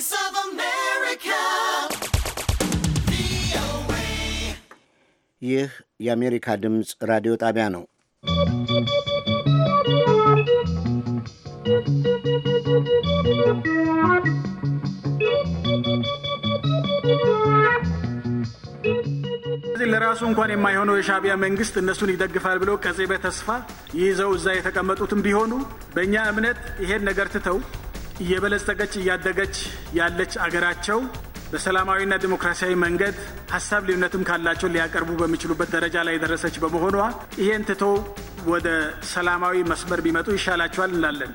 Voice of America. ይህ የአሜሪካ ድምፅ ራዲዮ ጣቢያ ነው። ለራሱ እንኳን የማይሆነው የሻቢያ መንግስት እነሱን ይደግፋል ብለው ቀጼ በተስፋ ይዘው እዛ የተቀመጡትም ቢሆኑ በእኛ እምነት ይሄን ነገር ትተው እየበለጸገች እያደገች ያለች አገራቸው በሰላማዊና ዲሞክራሲያዊ መንገድ ሀሳብ ልዩነትም ካላቸው ሊያቀርቡ በሚችሉበት ደረጃ ላይ የደረሰች በመሆኗ ይሄን ትቶ ወደ ሰላማዊ መስመር ቢመጡ ይሻላቸዋል እንላለን።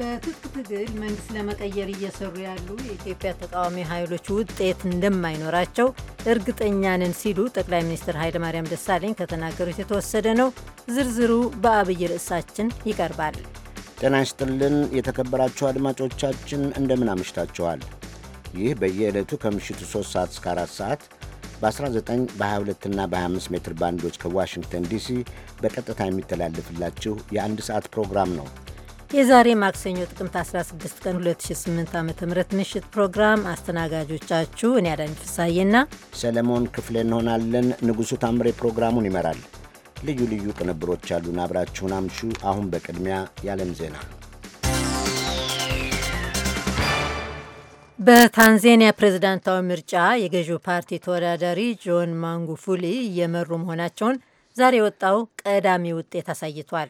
በትጥቅ ትግል መንግስት ለመቀየር እየሰሩ ያሉ የኢትዮጵያ ተቃዋሚ ኃይሎች ውጤት እንደማይኖራቸው እርግጠኛ ነን ሲሉ ጠቅላይ ሚኒስትር ኃይለማርያም ደሳለኝ ከተናገሩት የተወሰደ ነው። ዝርዝሩ በአብይ ርዕሳችን ይቀርባል። ጤና ይስጥልን የተከበራችሁ አድማጮቻችን እንደምን አምሽታችኋል። ይህ በየዕለቱ ከምሽቱ 3 ሰዓት እስከ 4 ሰዓት በ19 በ22 እና በ25 ሜትር ባንዶች ከዋሽንግተን ዲሲ በቀጥታ የሚተላለፍላችሁ የአንድ ሰዓት ፕሮግራም ነው። የዛሬ ማክሰኞ ጥቅምት 16 ቀን 2008 ዓ ም ምሽት ፕሮግራም አስተናጋጆቻችሁ እኔ አዳኝ ፍሳዬና ሰለሞን ክፍሌ እንሆናለን። ንጉሡ ታምሬ ፕሮግራሙን ይመራል። ልዩ ልዩ ቅንብሮች አሉን። አብራችሁን አምሹ። አሁን በቅድሚያ የዓለም ዜና። በታንዜኒያ ፕሬዝዳንታዊ ምርጫ የገዢው ፓርቲ ተወዳዳሪ ጆን ማንጉፉሊ እየመሩ መሆናቸውን ዛሬ የወጣው ቀዳሚ ውጤት አሳይቷል።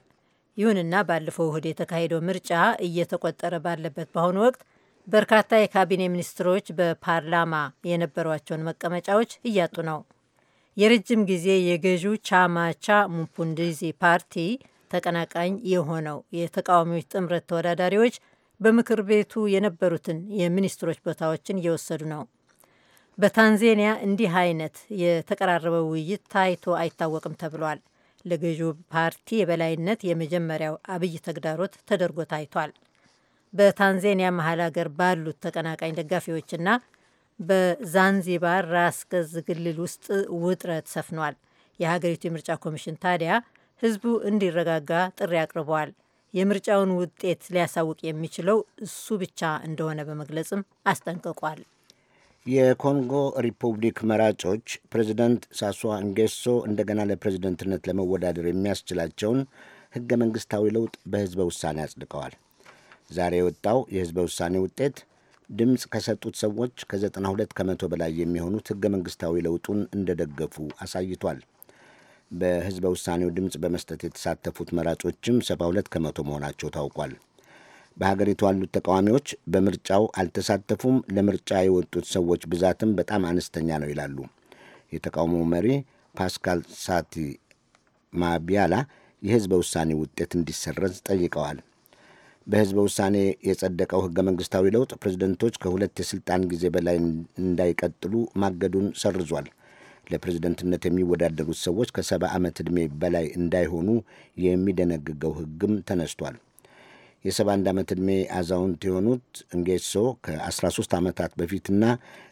ይሁንና ባለፈው እሁድ የተካሄደው ምርጫ እየተቆጠረ ባለበት በአሁኑ ወቅት በርካታ የካቢኔ ሚኒስትሮች በፓርላማ የነበሯቸውን መቀመጫዎች እያጡ ነው። የረጅም ጊዜ የገዢው ቻማቻ ሙፑንዲዚ ፓርቲ ተቀናቃኝ የሆነው የተቃዋሚዎች ጥምረት ተወዳዳሪዎች በምክር ቤቱ የነበሩትን የሚኒስትሮች ቦታዎችን እየወሰዱ ነው። በታንዜኒያ እንዲህ አይነት የተቀራረበ ውይይት ታይቶ አይታወቅም ተብሏል። ለገዢው ፓርቲ የበላይነት የመጀመሪያው አብይ ተግዳሮት ተደርጎ ታይቷል። በታንዜኒያ መሀል ሀገር ባሉት ተቀናቃኝ ደጋፊዎችና በዛንዚባር ራስ ገዝ ክልል ውስጥ ውጥረት ሰፍኗል። የሀገሪቱ የምርጫ ኮሚሽን ታዲያ ህዝቡ እንዲረጋጋ ጥሪ አቅርበዋል። የምርጫውን ውጤት ሊያሳውቅ የሚችለው እሱ ብቻ እንደሆነ በመግለጽም አስጠንቅቋል። የኮንጎ ሪፑብሊክ መራጮች ፕሬዚደንት ሳሷ እንጌሶ እንደገና ለፕሬዚደንትነት ለመወዳደር የሚያስችላቸውን ህገ መንግስታዊ ለውጥ በህዝበ ውሳኔ አጽድቀዋል። ዛሬ የወጣው የህዝበ ውሳኔ ውጤት ድምፅ ከሰጡት ሰዎች ከ92 ከመቶ በላይ የሚሆኑት ሕገ መንግሥታዊ ለውጡን እንደደገፉ አሳይቷል። በሕዝበ ውሳኔው ድምፅ በመስጠት የተሳተፉት መራጮችም 72 ከመቶ መሆናቸው ታውቋል። በሀገሪቱ ያሉት ተቃዋሚዎች በምርጫው አልተሳተፉም፣ ለምርጫ የወጡት ሰዎች ብዛትም በጣም አነስተኛ ነው ይላሉ። የተቃውሞ መሪ ፓስካል ሳቲ ማቢያላ የሕዝበ ውሳኔ ውጤት እንዲሰረዝ ጠይቀዋል። በህዝበ ውሳኔ የጸደቀው ህገ መንግስታዊ ለውጥ ፕሬዝደንቶች ከሁለት የስልጣን ጊዜ በላይ እንዳይቀጥሉ ማገዱን ሰርዟል። ለፕሬዝደንትነት የሚወዳደሩት ሰዎች ከሰባ ዓመት ዕድሜ በላይ እንዳይሆኑ የሚደነግገው ሕግም ተነስቷል። የ71 ዓመት ዕድሜ አዛውንት የሆኑት እንጌሶ ከ13 ዓመታት በፊትና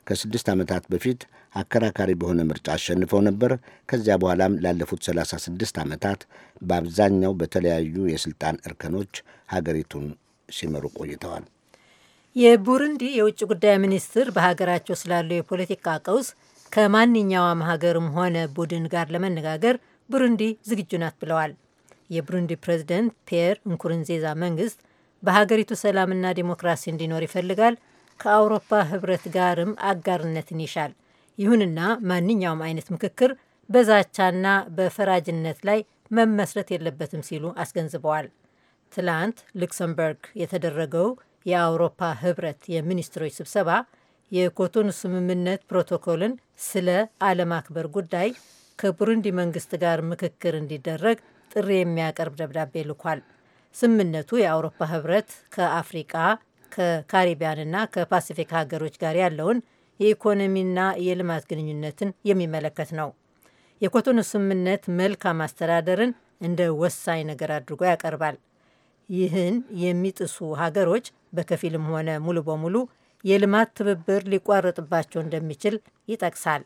ከ6 ዓመታት በፊት አከራካሪ በሆነ ምርጫ አሸንፈው ነበር። ከዚያ በኋላም ላለፉት 36 ዓመታት በአብዛኛው በተለያዩ የሥልጣን እርከኖች ሀገሪቱን ሲመሩ ቆይተዋል። የቡሩንዲ የውጭ ጉዳይ ሚኒስትር በሀገራቸው ስላለው የፖለቲካ ቀውስ ከማንኛውም ሀገርም ሆነ ቡድን ጋር ለመነጋገር ቡሩንዲ ዝግጁ ናት ብለዋል። የብሩንዲ ፕሬዚደንት ፒየር እንኩርንዜዛ መንግስት በሀገሪቱ ሰላምና ዲሞክራሲ እንዲኖር ይፈልጋል። ከአውሮፓ ህብረት ጋርም አጋርነትን ይሻል። ይሁንና ማንኛውም አይነት ምክክር በዛቻና በፈራጅነት ላይ መመስረት የለበትም ሲሉ አስገንዝበዋል። ትላንት ሉክሰምበርግ የተደረገው የአውሮፓ ህብረት የሚኒስትሮች ስብሰባ የኮቶኑ ስምምነት ፕሮቶኮልን ስለ አለማክበር ጉዳይ ከቡሩንዲ መንግስት ጋር ምክክር እንዲደረግ ጥሪ የሚያቀርብ ደብዳቤ ልኳል። ስምምነቱ የአውሮፓ ህብረት ከአፍሪቃ ከካሪቢያንና ከፓሲፊክ ሀገሮች ጋር ያለውን የኢኮኖሚና የልማት ግንኙነትን የሚመለከት ነው። የኮቶኑ ስምምነት መልካም አስተዳደርን እንደ ወሳኝ ነገር አድርጎ ያቀርባል። ይህን የሚጥሱ ሀገሮች በከፊልም ሆነ ሙሉ በሙሉ የልማት ትብብር ሊቋረጥባቸው እንደሚችል ይጠቅሳል።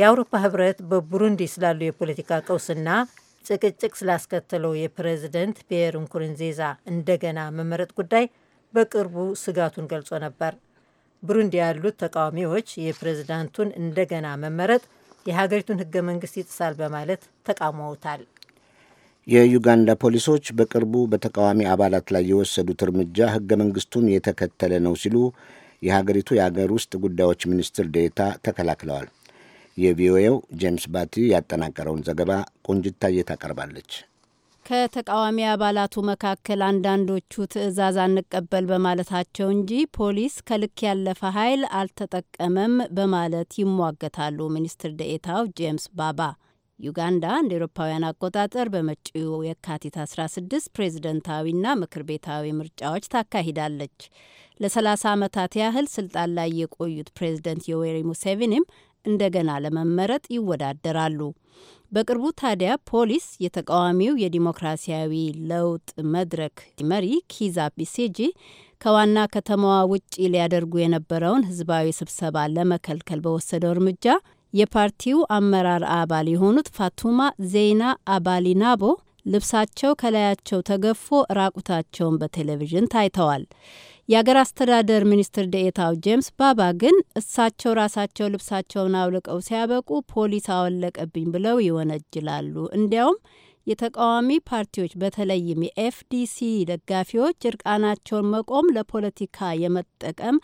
የአውሮፓ ህብረት በቡሩንዲ ስላሉ የፖለቲካ ቀውስና ጭቅጭቅ ስላስከተለው የፕሬዝደንት ፒየር ንኩሩንዚዛ እንደገና መመረጥ ጉዳይ በቅርቡ ስጋቱን ገልጾ ነበር። ብሩንዲ ያሉት ተቃዋሚዎች የፕሬዝዳንቱን እንደገና መመረጥ የሀገሪቱን ህገ መንግስት ይጥሳል በማለት ተቃውመውታል። የዩጋንዳ ፖሊሶች በቅርቡ በተቃዋሚ አባላት ላይ የወሰዱት እርምጃ ህገ መንግስቱን የተከተለ ነው ሲሉ የሀገሪቱ የአገር ውስጥ ጉዳዮች ሚኒስትር ዴታ ተከላክለዋል። የቪኦኤው ጄምስ ባቲ ያጠናቀረውን ዘገባ ቆንጅታዬ ታቀርባለች። ከተቃዋሚ አባላቱ መካከል አንዳንዶቹ ትዕዛዝ አንቀበል በማለታቸው እንጂ ፖሊስ ከልክ ያለፈ ኃይል አልተጠቀመም በማለት ይሟገታሉ። ሚኒስትር ደኤታው ጄምስ ባባ ዩጋንዳ እንደ ኤሮፓውያን አቆጣጠር በመጪው የካቲት 16 ፕሬዝደንታዊና ምክር ቤታዊ ምርጫዎች ታካሂዳለች። ለ30 ዓመታት ያህል ስልጣን ላይ የቆዩት ፕሬዝደንት ዮዌሪ ሙሴቪኒም እንደገና ለመመረጥ ይወዳደራሉ። በቅርቡ ታዲያ ፖሊስ የተቃዋሚው የዲሞክራሲያዊ ለውጥ መድረክ መሪ ኪዛ ቢሴጂ ከዋና ከተማዋ ውጪ ሊያደርጉ የነበረውን ህዝባዊ ስብሰባ ለመከልከል በወሰደው እርምጃ የፓርቲው አመራር አባል የሆኑት ፋቱማ ዜና አባሊናቦ ልብሳቸው ከላያቸው ተገፎ ራቁታቸውን በቴሌቪዥን ታይተዋል። የአገር አስተዳደር ሚኒስትር ደኤታው ጄምስ ባባ ግን እሳቸው ራሳቸው ልብሳቸውን አውልቀው ሲያበቁ ፖሊስ አወለቀብኝ ብለው ይወነጅላሉ። እንዲያውም የተቃዋሚ ፓርቲዎች በተለይም የኤፍዲሲ ደጋፊዎች እርቃናቸውን መቆም ለፖለቲካ የመጠቀም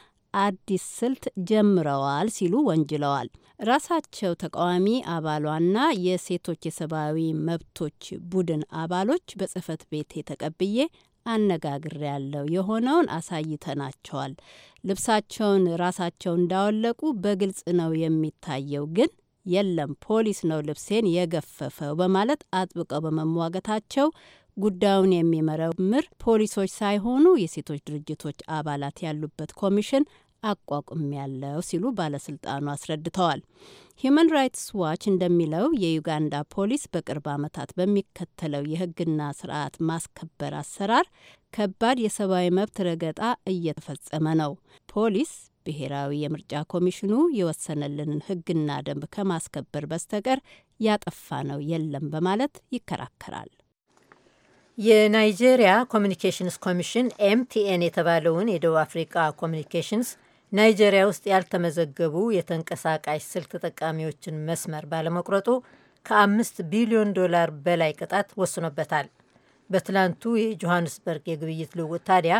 አዲስ ስልት ጀምረዋል ሲሉ ወንጅለዋል። ራሳቸው ተቃዋሚ አባሏና የሴቶች የሰብአዊ መብቶች ቡድን አባሎች በጽህፈት ቤት ተቀብዬ አነጋግር ያለው የሆነውን አሳይተናቸዋል። ልብሳቸውን ራሳቸው እንዳወለቁ በግልጽ ነው የሚታየው። ግን የለም ፖሊስ ነው ልብሴን የገፈፈው በማለት አጥብቀው በመሟገታቸው ጉዳዩን የሚመረምር ፖሊሶች ሳይሆኑ የሴቶች ድርጅቶች አባላት ያሉበት ኮሚሽን አቋቁም ያለው ሲሉ ባለስልጣኑ አስረድተዋል። ሂዩማን ራይትስ ዋች እንደሚለው የዩጋንዳ ፖሊስ በቅርብ ዓመታት በሚከተለው የሕግና ስርዓት ማስከበር አሰራር ከባድ የሰብአዊ መብት ረገጣ እየተፈጸመ ነው። ፖሊስ ብሔራዊ የምርጫ ኮሚሽኑ የወሰነልንን ሕግና ደንብ ከማስከበር በስተቀር ያጠፋ ነው የለም በማለት ይከራከራል። የናይጄሪያ ኮሚኒኬሽንስ ኮሚሽን ኤምቲኤን የተባለውን የደቡብ አፍሪካ ኮሚኒኬሽንስ ናይጄሪያ ውስጥ ያልተመዘገቡ የተንቀሳቃሽ ስልክ ተጠቃሚዎችን መስመር ባለመቁረጡ ከአምስት ቢሊዮን ዶላር በላይ ቅጣት ወስኖበታል። በትላንቱ የጆሃንስበርግ የግብይት ልውውጥ ታዲያ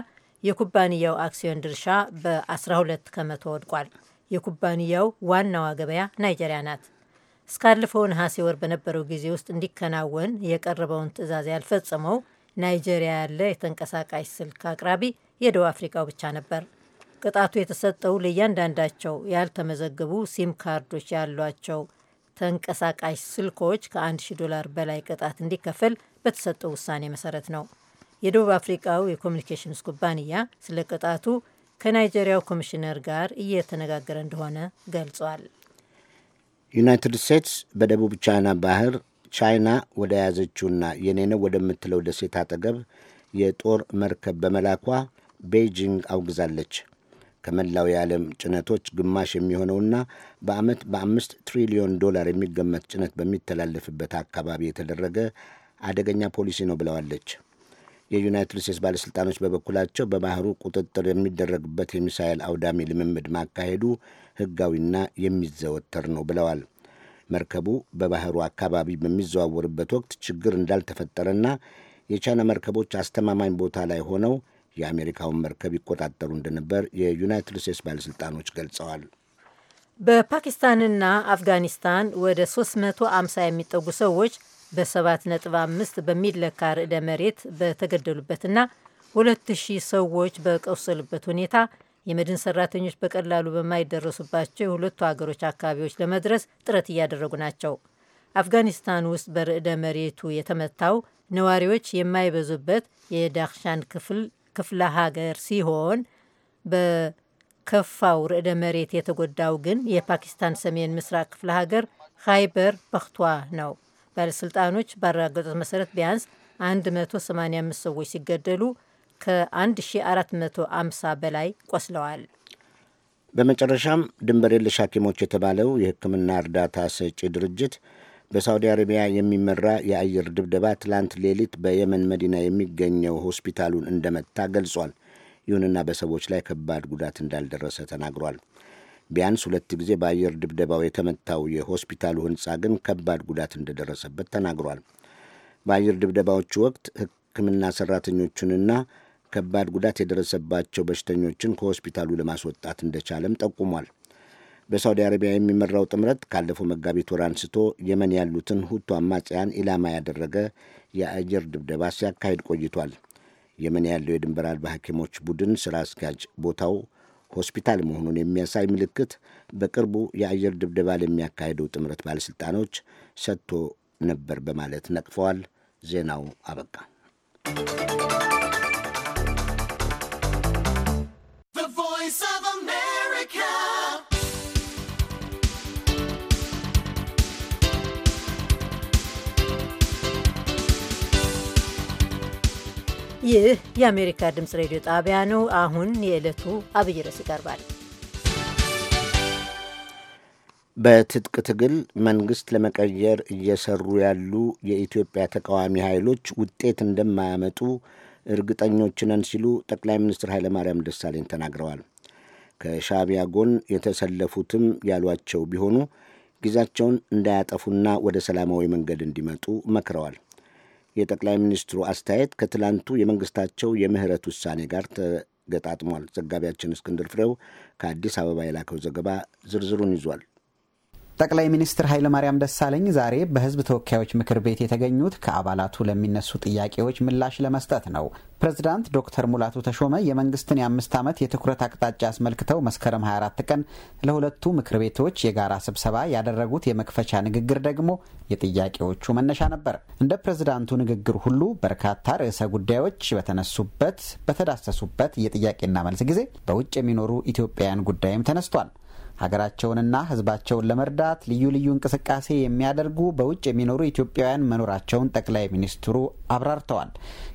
የኩባንያው አክሲዮን ድርሻ በ12 ከመቶ ወድቋል። የኩባንያው ዋናዋ ገበያ ናይጄሪያ ናት። እስካለፈው ነሐሴ ወር በነበረው ጊዜ ውስጥ እንዲከናወን የቀረበውን ትዕዛዝ ያልፈጸመው ናይጄሪያ ያለ የተንቀሳቃሽ ስልክ አቅራቢ የደቡብ አፍሪካው ብቻ ነበር። ቅጣቱ የተሰጠው ለእያንዳንዳቸው ያልተመዘገቡ ሲም ካርዶች ያሏቸው ተንቀሳቃሽ ስልኮች ከ1000 ዶላር በላይ ቅጣት እንዲከፈል በተሰጠው ውሳኔ መሰረት ነው። የደቡብ አፍሪካው የኮሚኒኬሽንስ ኩባንያ ስለ ቅጣቱ ከናይጄሪያው ኮሚሽነር ጋር እየተነጋገረ እንደሆነ ገልጿል። ዩናይትድ ስቴትስ በደቡብ ቻይና ባህር ቻይና ወደ ያዘችውና የኔነ ወደምትለው ደሴት አጠገብ የጦር መርከብ በመላኳ ቤይጂንግ አውግዛለች። ከመላው የዓለም ጭነቶች ግማሽ የሚሆነውና በዓመት በአምስት ትሪሊዮን ዶላር የሚገመት ጭነት በሚተላለፍበት አካባቢ የተደረገ አደገኛ ፖሊሲ ነው ብለዋለች። የዩናይትድ ስቴትስ ባለሥልጣኖች በበኩላቸው በባህሩ ቁጥጥር የሚደረግበት የሚሳኤል አውዳሚ ልምምድ ማካሄዱ ሕጋዊና የሚዘወተር ነው ብለዋል። መርከቡ በባህሩ አካባቢ በሚዘዋወርበት ወቅት ችግር እንዳልተፈጠረና የቻይና መርከቦች አስተማማኝ ቦታ ላይ ሆነው የአሜሪካውን መርከብ ይቆጣጠሩ እንደነበር የዩናይትድ ስቴትስ ባለሥልጣኖች ገልጸዋል። በፓኪስታንና አፍጋኒስታን ወደ 350 የሚጠጉ ሰዎች በ7.5 በሚለካ ርዕደ መሬት በተገደሉበትና 2000 ሰዎች በቆሰሉበት ሁኔታ የመድን ሰራተኞች በቀላሉ በማይደረሱባቸው የሁለቱ ሀገሮች አካባቢዎች ለመድረስ ጥረት እያደረጉ ናቸው። አፍጋኒስታን ውስጥ በርዕደ መሬቱ የተመታው ነዋሪዎች የማይበዙበት የዳክሻን ክፍል ክፍለ ሀገር ሲሆን በከፋው ርዕደ መሬት የተጎዳው ግን የፓኪስታን ሰሜን ምስራቅ ክፍለ ሀገር ኸይበር በክቷ ነው። ባለሥልጣኖች ባረጋገጡት መሰረት ቢያንስ 185 ሰዎች ሲገደሉ ከ1450 በላይ ቆስለዋል። በመጨረሻም ድንበር የለሽ ሐኪሞች የተባለው የሕክምና እርዳታ ሰጪ ድርጅት በሳውዲ አረቢያ የሚመራ የአየር ድብደባ ትላንት ሌሊት በየመን መዲና የሚገኘው ሆስፒታሉን እንደመታ ገልጿል። ይሁንና በሰዎች ላይ ከባድ ጉዳት እንዳልደረሰ ተናግሯል። ቢያንስ ሁለት ጊዜ በአየር ድብደባው የተመታው የሆስፒታሉ ሕንፃ ግን ከባድ ጉዳት እንደደረሰበት ተናግሯል። በአየር ድብደባዎቹ ወቅት ሕክምና ሰራተኞቹንና ከባድ ጉዳት የደረሰባቸው በሽተኞችን ከሆስፒታሉ ለማስወጣት እንደቻለም ጠቁሟል። በሳውዲ አረቢያ የሚመራው ጥምረት ካለፈው መጋቢት ወር አንስቶ የመን ያሉትን ሁቱ አማጽያን ኢላማ ያደረገ የአየር ድብደባ ሲያካሂድ ቆይቷል። የመን ያለው የድንበር አልባ ሐኪሞች ቡድን ስራ አስኪያጅ ቦታው ሆስፒታል መሆኑን የሚያሳይ ምልክት በቅርቡ የአየር ድብደባ ለሚያካሄደው ጥምረት ባለሥልጣኖች ሰጥቶ ነበር በማለት ነቅፈዋል። ዜናው አበቃ። ይህ የአሜሪካ ድምፅ ሬዲዮ ጣቢያ ነው። አሁን የዕለቱ አብይ ርዕስ ይቀርባል። በትጥቅ ትግል መንግሥት ለመቀየር እየሰሩ ያሉ የኢትዮጵያ ተቃዋሚ ኃይሎች ውጤት እንደማያመጡ እርግጠኞች ነን ሲሉ ጠቅላይ ሚኒስትር ኃይለማርያም ደሳለኝ ተናግረዋል። ከሻቢያ ጎን የተሰለፉትም ያሏቸው ቢሆኑ ጊዜያቸውን እንዳያጠፉና ወደ ሰላማዊ መንገድ እንዲመጡ መክረዋል። የጠቅላይ ሚኒስትሩ አስተያየት ከትላንቱ የመንግስታቸው የምህረት ውሳኔ ጋር ተገጣጥሟል። ዘጋቢያችን እስክንድር ፍሬው ከአዲስ አበባ የላከው ዘገባ ዝርዝሩን ይዟል። ጠቅላይ ሚኒስትር ኃይለማርያም ደሳለኝ ዛሬ በህዝብ ተወካዮች ምክር ቤት የተገኙት ከአባላቱ ለሚነሱ ጥያቄዎች ምላሽ ለመስጠት ነው። ፕሬዝዳንት ዶክተር ሙላቱ ተሾመ የመንግስትን የአምስት ዓመት የትኩረት አቅጣጫ አስመልክተው መስከረም 24 ቀን ለሁለቱ ምክር ቤቶች የጋራ ስብሰባ ያደረጉት የመክፈቻ ንግግር ደግሞ የጥያቄዎቹ መነሻ ነበር። እንደ ፕሬዝዳንቱ ንግግር ሁሉ በርካታ ርዕሰ ጉዳዮች በተነሱበት በተዳሰሱበት የጥያቄና መልስ ጊዜ በውጭ የሚኖሩ ኢትዮጵያውያን ጉዳይም ተነስቷል። ሀገራቸውንና ሕዝባቸውን ለመርዳት ልዩ ልዩ እንቅስቃሴ የሚያደርጉ በውጭ የሚኖሩ ኢትዮጵያውያን መኖራቸውን ጠቅላይ ሚኒስትሩ አብራርተዋል።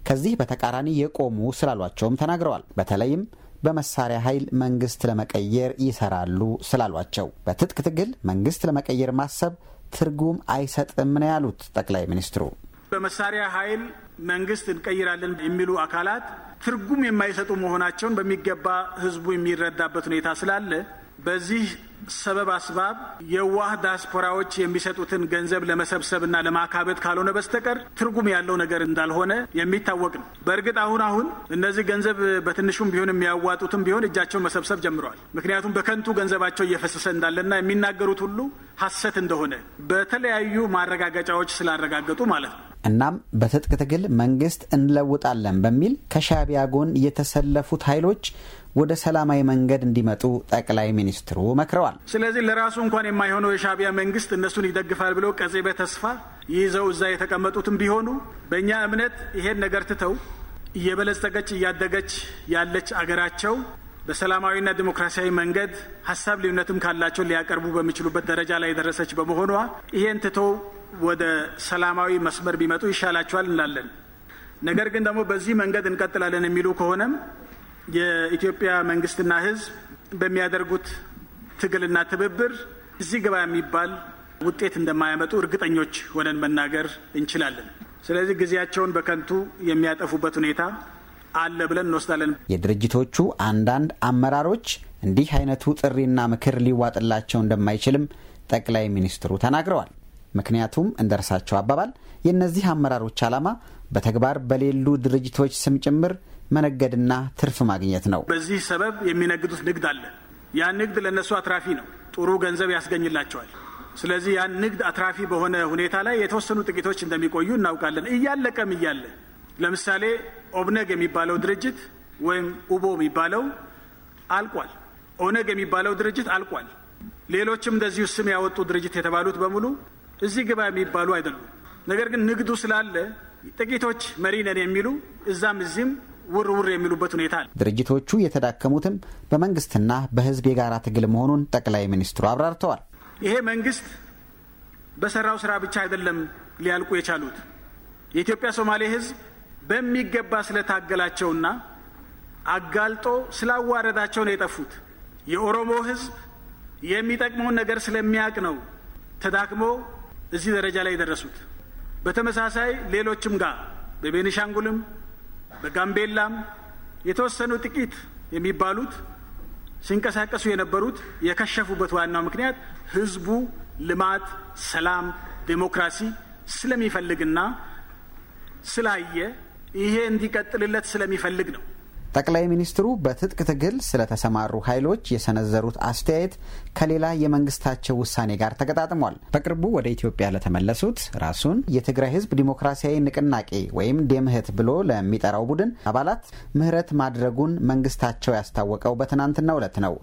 ከዚህ በተቃራኒ የቆሙ ስላሏቸውም ተናግረዋል። በተለይም በመሳሪያ ኃይል መንግስት ለመቀየር ይሰራሉ ስላሏቸው በትጥቅ ትግል መንግስት ለመቀየር ማሰብ ትርጉም አይሰጥም ነው ያሉት ጠቅላይ ሚኒስትሩ። በመሳሪያ ኃይል መንግስት እንቀይራለን የሚሉ አካላት ትርጉም የማይሰጡ መሆናቸውን በሚገባ ህዝቡ የሚረዳበት ሁኔታ ስላለ በዚህ ሰበብ አስባብ የዋህ ዳስፖራዎች የሚሰጡትን ገንዘብ ለመሰብሰብና ለማካበት ካልሆነ በስተቀር ትርጉም ያለው ነገር እንዳልሆነ የሚታወቅ ነው። በእርግጥ አሁን አሁን እነዚህ ገንዘብ በትንሹም ቢሆን የሚያዋጡትም ቢሆን እጃቸውን መሰብሰብ ጀምረዋል። ምክንያቱም በከንቱ ገንዘባቸው እየፈሰሰ እንዳለና የሚናገሩት ሁሉ ሐሰት እንደሆነ በተለያዩ ማረጋገጫዎች ስላረጋገጡ ማለት ነው። እናም በትጥቅ ትግል መንግስት እንለውጣለን በሚል ከሻቢያ ጎን የተሰለፉት ኃይሎች ወደ ሰላማዊ መንገድ እንዲመጡ ጠቅላይ ሚኒስትሩ መክረዋል። ስለዚህ ለራሱ እንኳን የማይሆነው የሻቢያ መንግስት እነሱን ይደግፋል ብለው ቀጼ በተስፋ ይዘው እዛ የተቀመጡትም ቢሆኑ በእኛ እምነት ይሄን ነገር ትተው እየበለጸገች እያደገች ያለች አገራቸው በሰላማዊና ዲሞክራሲያዊ መንገድ ሀሳብ ልዩነትም ካላቸው ሊያቀርቡ በሚችሉበት ደረጃ ላይ የደረሰች በመሆኗ ይሄን ትቶ ወደ ሰላማዊ መስመር ቢመጡ ይሻላቸዋል እንላለን። ነገር ግን ደግሞ በዚህ መንገድ እንቀጥላለን የሚሉ ከሆነም የኢትዮጵያ መንግስትና ህዝብ በሚያደርጉት ትግልና ትብብር እዚህ ግባ የሚባል ውጤት እንደማያመጡ እርግጠኞች ሆነን መናገር እንችላለን። ስለዚህ ጊዜያቸውን በከንቱ የሚያጠፉበት ሁኔታ አለ ብለን እንወስዳለን። የድርጅቶቹ አንዳንድ አመራሮች እንዲህ አይነቱ ጥሪና ምክር ሊዋጥላቸው እንደማይችልም ጠቅላይ ሚኒስትሩ ተናግረዋል። ምክንያቱም እንደ እርሳቸው አባባል የእነዚህ አመራሮች ዓላማ በተግባር በሌሉ ድርጅቶች ስም ጭምር መነገድና ትርፍ ማግኘት ነው። በዚህ ሰበብ የሚነግዱት ንግድ አለ። ያን ንግድ ለእነሱ አትራፊ ነው፣ ጥሩ ገንዘብ ያስገኝላቸዋል። ስለዚህ ያን ንግድ አትራፊ በሆነ ሁኔታ ላይ የተወሰኑ ጥቂቶች እንደሚቆዩ እናውቃለን። እያለቀም እያለ ለምሳሌ ኦብነግ የሚባለው ድርጅት ወይም ኡቦ የሚባለው አልቋል። ኦነግ የሚባለው ድርጅት አልቋል። ሌሎችም እንደዚሁ ስም ያወጡ ድርጅት የተባሉት በሙሉ እዚህ ግባ የሚባሉ አይደሉም። ነገር ግን ንግዱ ስላለ ጥቂቶች መሪ ነን የሚሉ እዛም እዚህም ውር ውር የሚሉበት ሁኔታ አለ። ድርጅቶቹ የተዳከሙትም በመንግስትና በህዝብ የጋራ ትግል መሆኑን ጠቅላይ ሚኒስትሩ አብራርተዋል። ይሄ መንግስት በሰራው ስራ ብቻ አይደለም ሊያልቁ የቻሉት የኢትዮጵያ ሶማሌ ህዝብ በሚገባ ስለታገላቸውና አጋልጦ ስላዋረዳቸው ነው የጠፉት። የኦሮሞ ህዝብ የሚጠቅመውን ነገር ስለሚያውቅ ነው ተዳክሞ እዚህ ደረጃ ላይ የደረሱት። በተመሳሳይ ሌሎችም ጋር በቤኒሻንጉልም በጋምቤላም የተወሰኑ ጥቂት የሚባሉት ሲንቀሳቀሱ የነበሩት የከሸፉበት ዋናው ምክንያት ህዝቡ ልማት፣ ሰላም፣ ዴሞክራሲ ስለሚፈልግና ስላየ ይሄ እንዲቀጥልለት ስለሚፈልግ ነው። ጠቅላይ ሚኒስትሩ በትጥቅ ትግል ስለተሰማሩ ኃይሎች የሰነዘሩት አስተያየት ከሌላ የመንግስታቸው ውሳኔ ጋር ተገጣጥሟል። በቅርቡ ወደ ኢትዮጵያ ለተመለሱት ራሱን የትግራይ ህዝብ ዲሞክራሲያዊ ንቅናቄ ወይም ዴምህት ብሎ ለሚጠራው ቡድን አባላት ምህረት ማድረጉን መንግስታቸው ያስታወቀው በትናንትናው ዕለት ነው።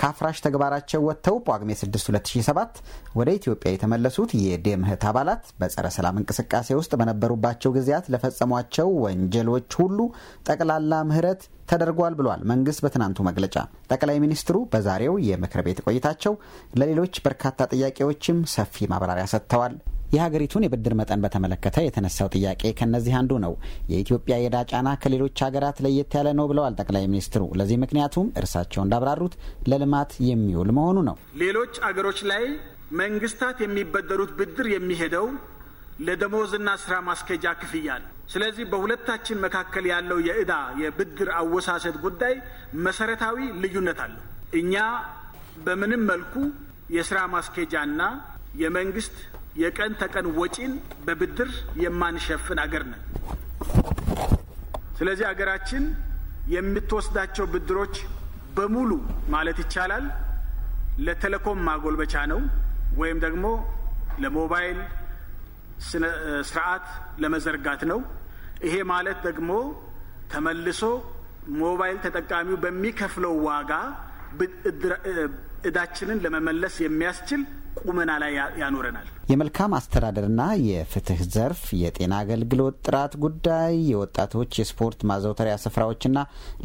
ከአፍራሽ ተግባራቸው ወጥተው ጳጉሜ 6 2007 ወደ ኢትዮጵያ የተመለሱት የዴምህት አባላት በጸረ ሰላም እንቅስቃሴ ውስጥ በነበሩባቸው ጊዜያት ለፈጸሟቸው ወንጀሎች ሁሉ ጠቅላላ ምህረት ተደርጓል ብሏል መንግስት በትናንቱ መግለጫ። ጠቅላይ ሚኒስትሩ በዛሬው የምክር ቤት ቆይታቸው ለሌሎች በርካታ ጥያቄዎችም ሰፊ ማብራሪያ ሰጥተዋል። የሀገሪቱን የብድር መጠን በተመለከተ የተነሳው ጥያቄ ከእነዚህ አንዱ ነው። የኢትዮጵያ የዕዳ ጫና ከሌሎች ሀገራት ለየት ያለ ነው ብለዋል ጠቅላይ ሚኒስትሩ። ለዚህ ምክንያቱም እርሳቸው እንዳብራሩት ለልማት የሚውል መሆኑ ነው። ሌሎች አገሮች ላይ መንግስታት የሚበደሩት ብድር የሚሄደው ለደሞዝና ስራ ማስኬጃ ክፍያ ነው። ስለዚህ በሁለታችን መካከል ያለው የእዳ የብድር አወሳሰድ ጉዳይ መሰረታዊ ልዩነት አለው። እኛ በምንም መልኩ የስራ ማስኬጃና የመንግስት የቀን ተቀን ወጪን በብድር የማንሸፍን አገር ነን። ስለዚህ አገራችን የምትወስዳቸው ብድሮች በሙሉ ማለት ይቻላል ለቴሌኮም ማጎልበቻ ነው ወይም ደግሞ ለሞባይል ስርዓት ለመዘርጋት ነው። ይሄ ማለት ደግሞ ተመልሶ ሞባይል ተጠቃሚው በሚከፍለው ዋጋ እዳችንን ለመመለስ የሚያስችል ቁመና ላይ ያኖረናል። የመልካም አስተዳደርና የፍትህ ዘርፍ፣ የጤና አገልግሎት ጥራት ጉዳይ፣ የወጣቶች የስፖርት ማዘውተሪያ ስፍራዎችና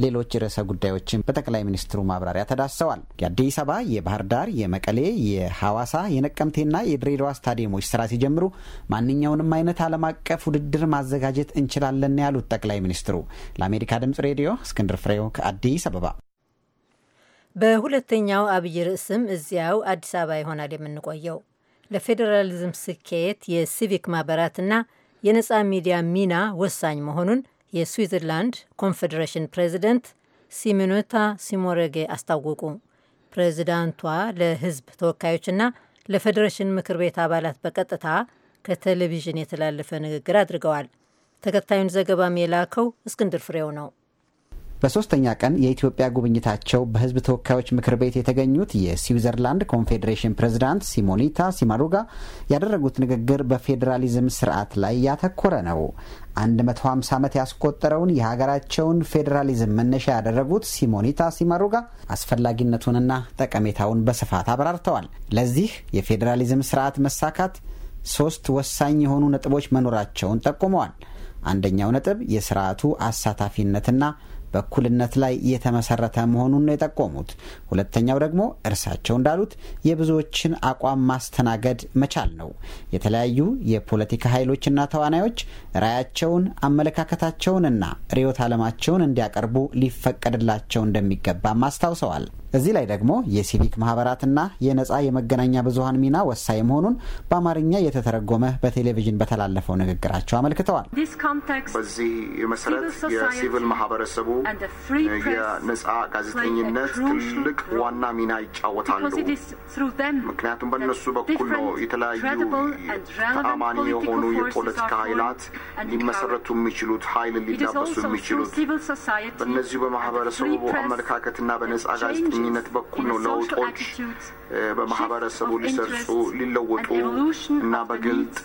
ሌሎች ርዕሰ ጉዳዮችን በጠቅላይ ሚኒስትሩ ማብራሪያ ተዳሰዋል። የአዲስ አበባ፣ የባህር ዳር፣ የመቀሌ፣ የሐዋሳ፣ የነቀምቴና የድሬዳዋ ስታዲየሞች ስራ ሲጀምሩ ማንኛውንም አይነት ዓለም አቀፍ ውድድር ማዘጋጀት እንችላለን ያሉት ጠቅላይ ሚኒስትሩ ለአሜሪካ ድምጽ ሬዲዮ እስክንድር ፍሬው ከአዲስ አበባ በሁለተኛው አብይ ርዕስም እዚያው አዲስ አበባ ይሆናል የምንቆየው። ለፌዴራሊዝም ስኬት የሲቪክ ማህበራትና የነፃ ሚዲያ ሚና ወሳኝ መሆኑን የስዊዘርላንድ ኮንፌዴሬሽን ፕሬዚደንት ሲሚኖታ ሲሞረጌ አስታወቁ። ፕሬዚዳንቷ ለህዝብ ተወካዮችና ለፌዴሬሽን ምክር ቤት አባላት በቀጥታ ከቴሌቪዥን የተላለፈ ንግግር አድርገዋል። ተከታዩን ዘገባም የላከው እስክንድር ፍሬው ነው። በሶስተኛ ቀን የኢትዮጵያ ጉብኝታቸው በህዝብ ተወካዮች ምክር ቤት የተገኙት የስዊዘርላንድ ኮንፌዴሬሽን ፕሬዝዳንት ሲሞኒታ ሲማሩጋ ያደረጉት ንግግር በፌዴራሊዝም ስርዓት ላይ ያተኮረ ነው። 150 ዓመት ያስቆጠረውን የሀገራቸውን ፌዴራሊዝም መነሻ ያደረጉት ሲሞኒታ ሲማሩጋ አስፈላጊነቱንና ጠቀሜታውን በስፋት አብራርተዋል። ለዚህ የፌዴራሊዝም ስርዓት መሳካት ሶስት ወሳኝ የሆኑ ነጥቦች መኖራቸውን ጠቁመዋል። አንደኛው ነጥብ የስርዓቱ አሳታፊነትና በእኩልነት ላይ የተመሰረተ መሆኑን ነው የጠቆሙት። ሁለተኛው ደግሞ እርሳቸው እንዳሉት የብዙዎችን አቋም ማስተናገድ መቻል ነው። የተለያዩ የፖለቲካ ኃይሎችና ተዋናዮች ራያቸውን፣ አመለካከታቸውንና ርዕዮተ ዓለማቸውን እንዲያቀርቡ ሊፈቀድላቸው እንደሚገባም አስታውሰዋል። እዚህ ላይ ደግሞ የሲቪክ ማህበራትና የነፃ የመገናኛ ብዙሀን ሚና ወሳኝ መሆኑን በአማርኛ የተተረጎመ በቴሌቪዥን በተላለፈው ንግግራቸው አመልክተዋል። በዚህ መሰረት የሲቪል ማህበረሰቡ የነፃ ጋዜጠኝነት ትልቅ ዋና ሚና ይጫወታሉ። ምክንያቱም በእነሱ በኩል ነው የተለያዩ ተአማኒ የሆኑ የፖለቲካ ኃይላት ሊመሰረቱ የሚችሉት ኃይል ሊዳበሱ የሚችሉት በእነዚሁ በማህበረሰቡ አመለካከትና በነጻ ጋዜጠኝ በግንኙነት በኩል ነው ለውጦች በማህበረሰቡ ሊሰርጹ ሊለወጡ እና በግልጥ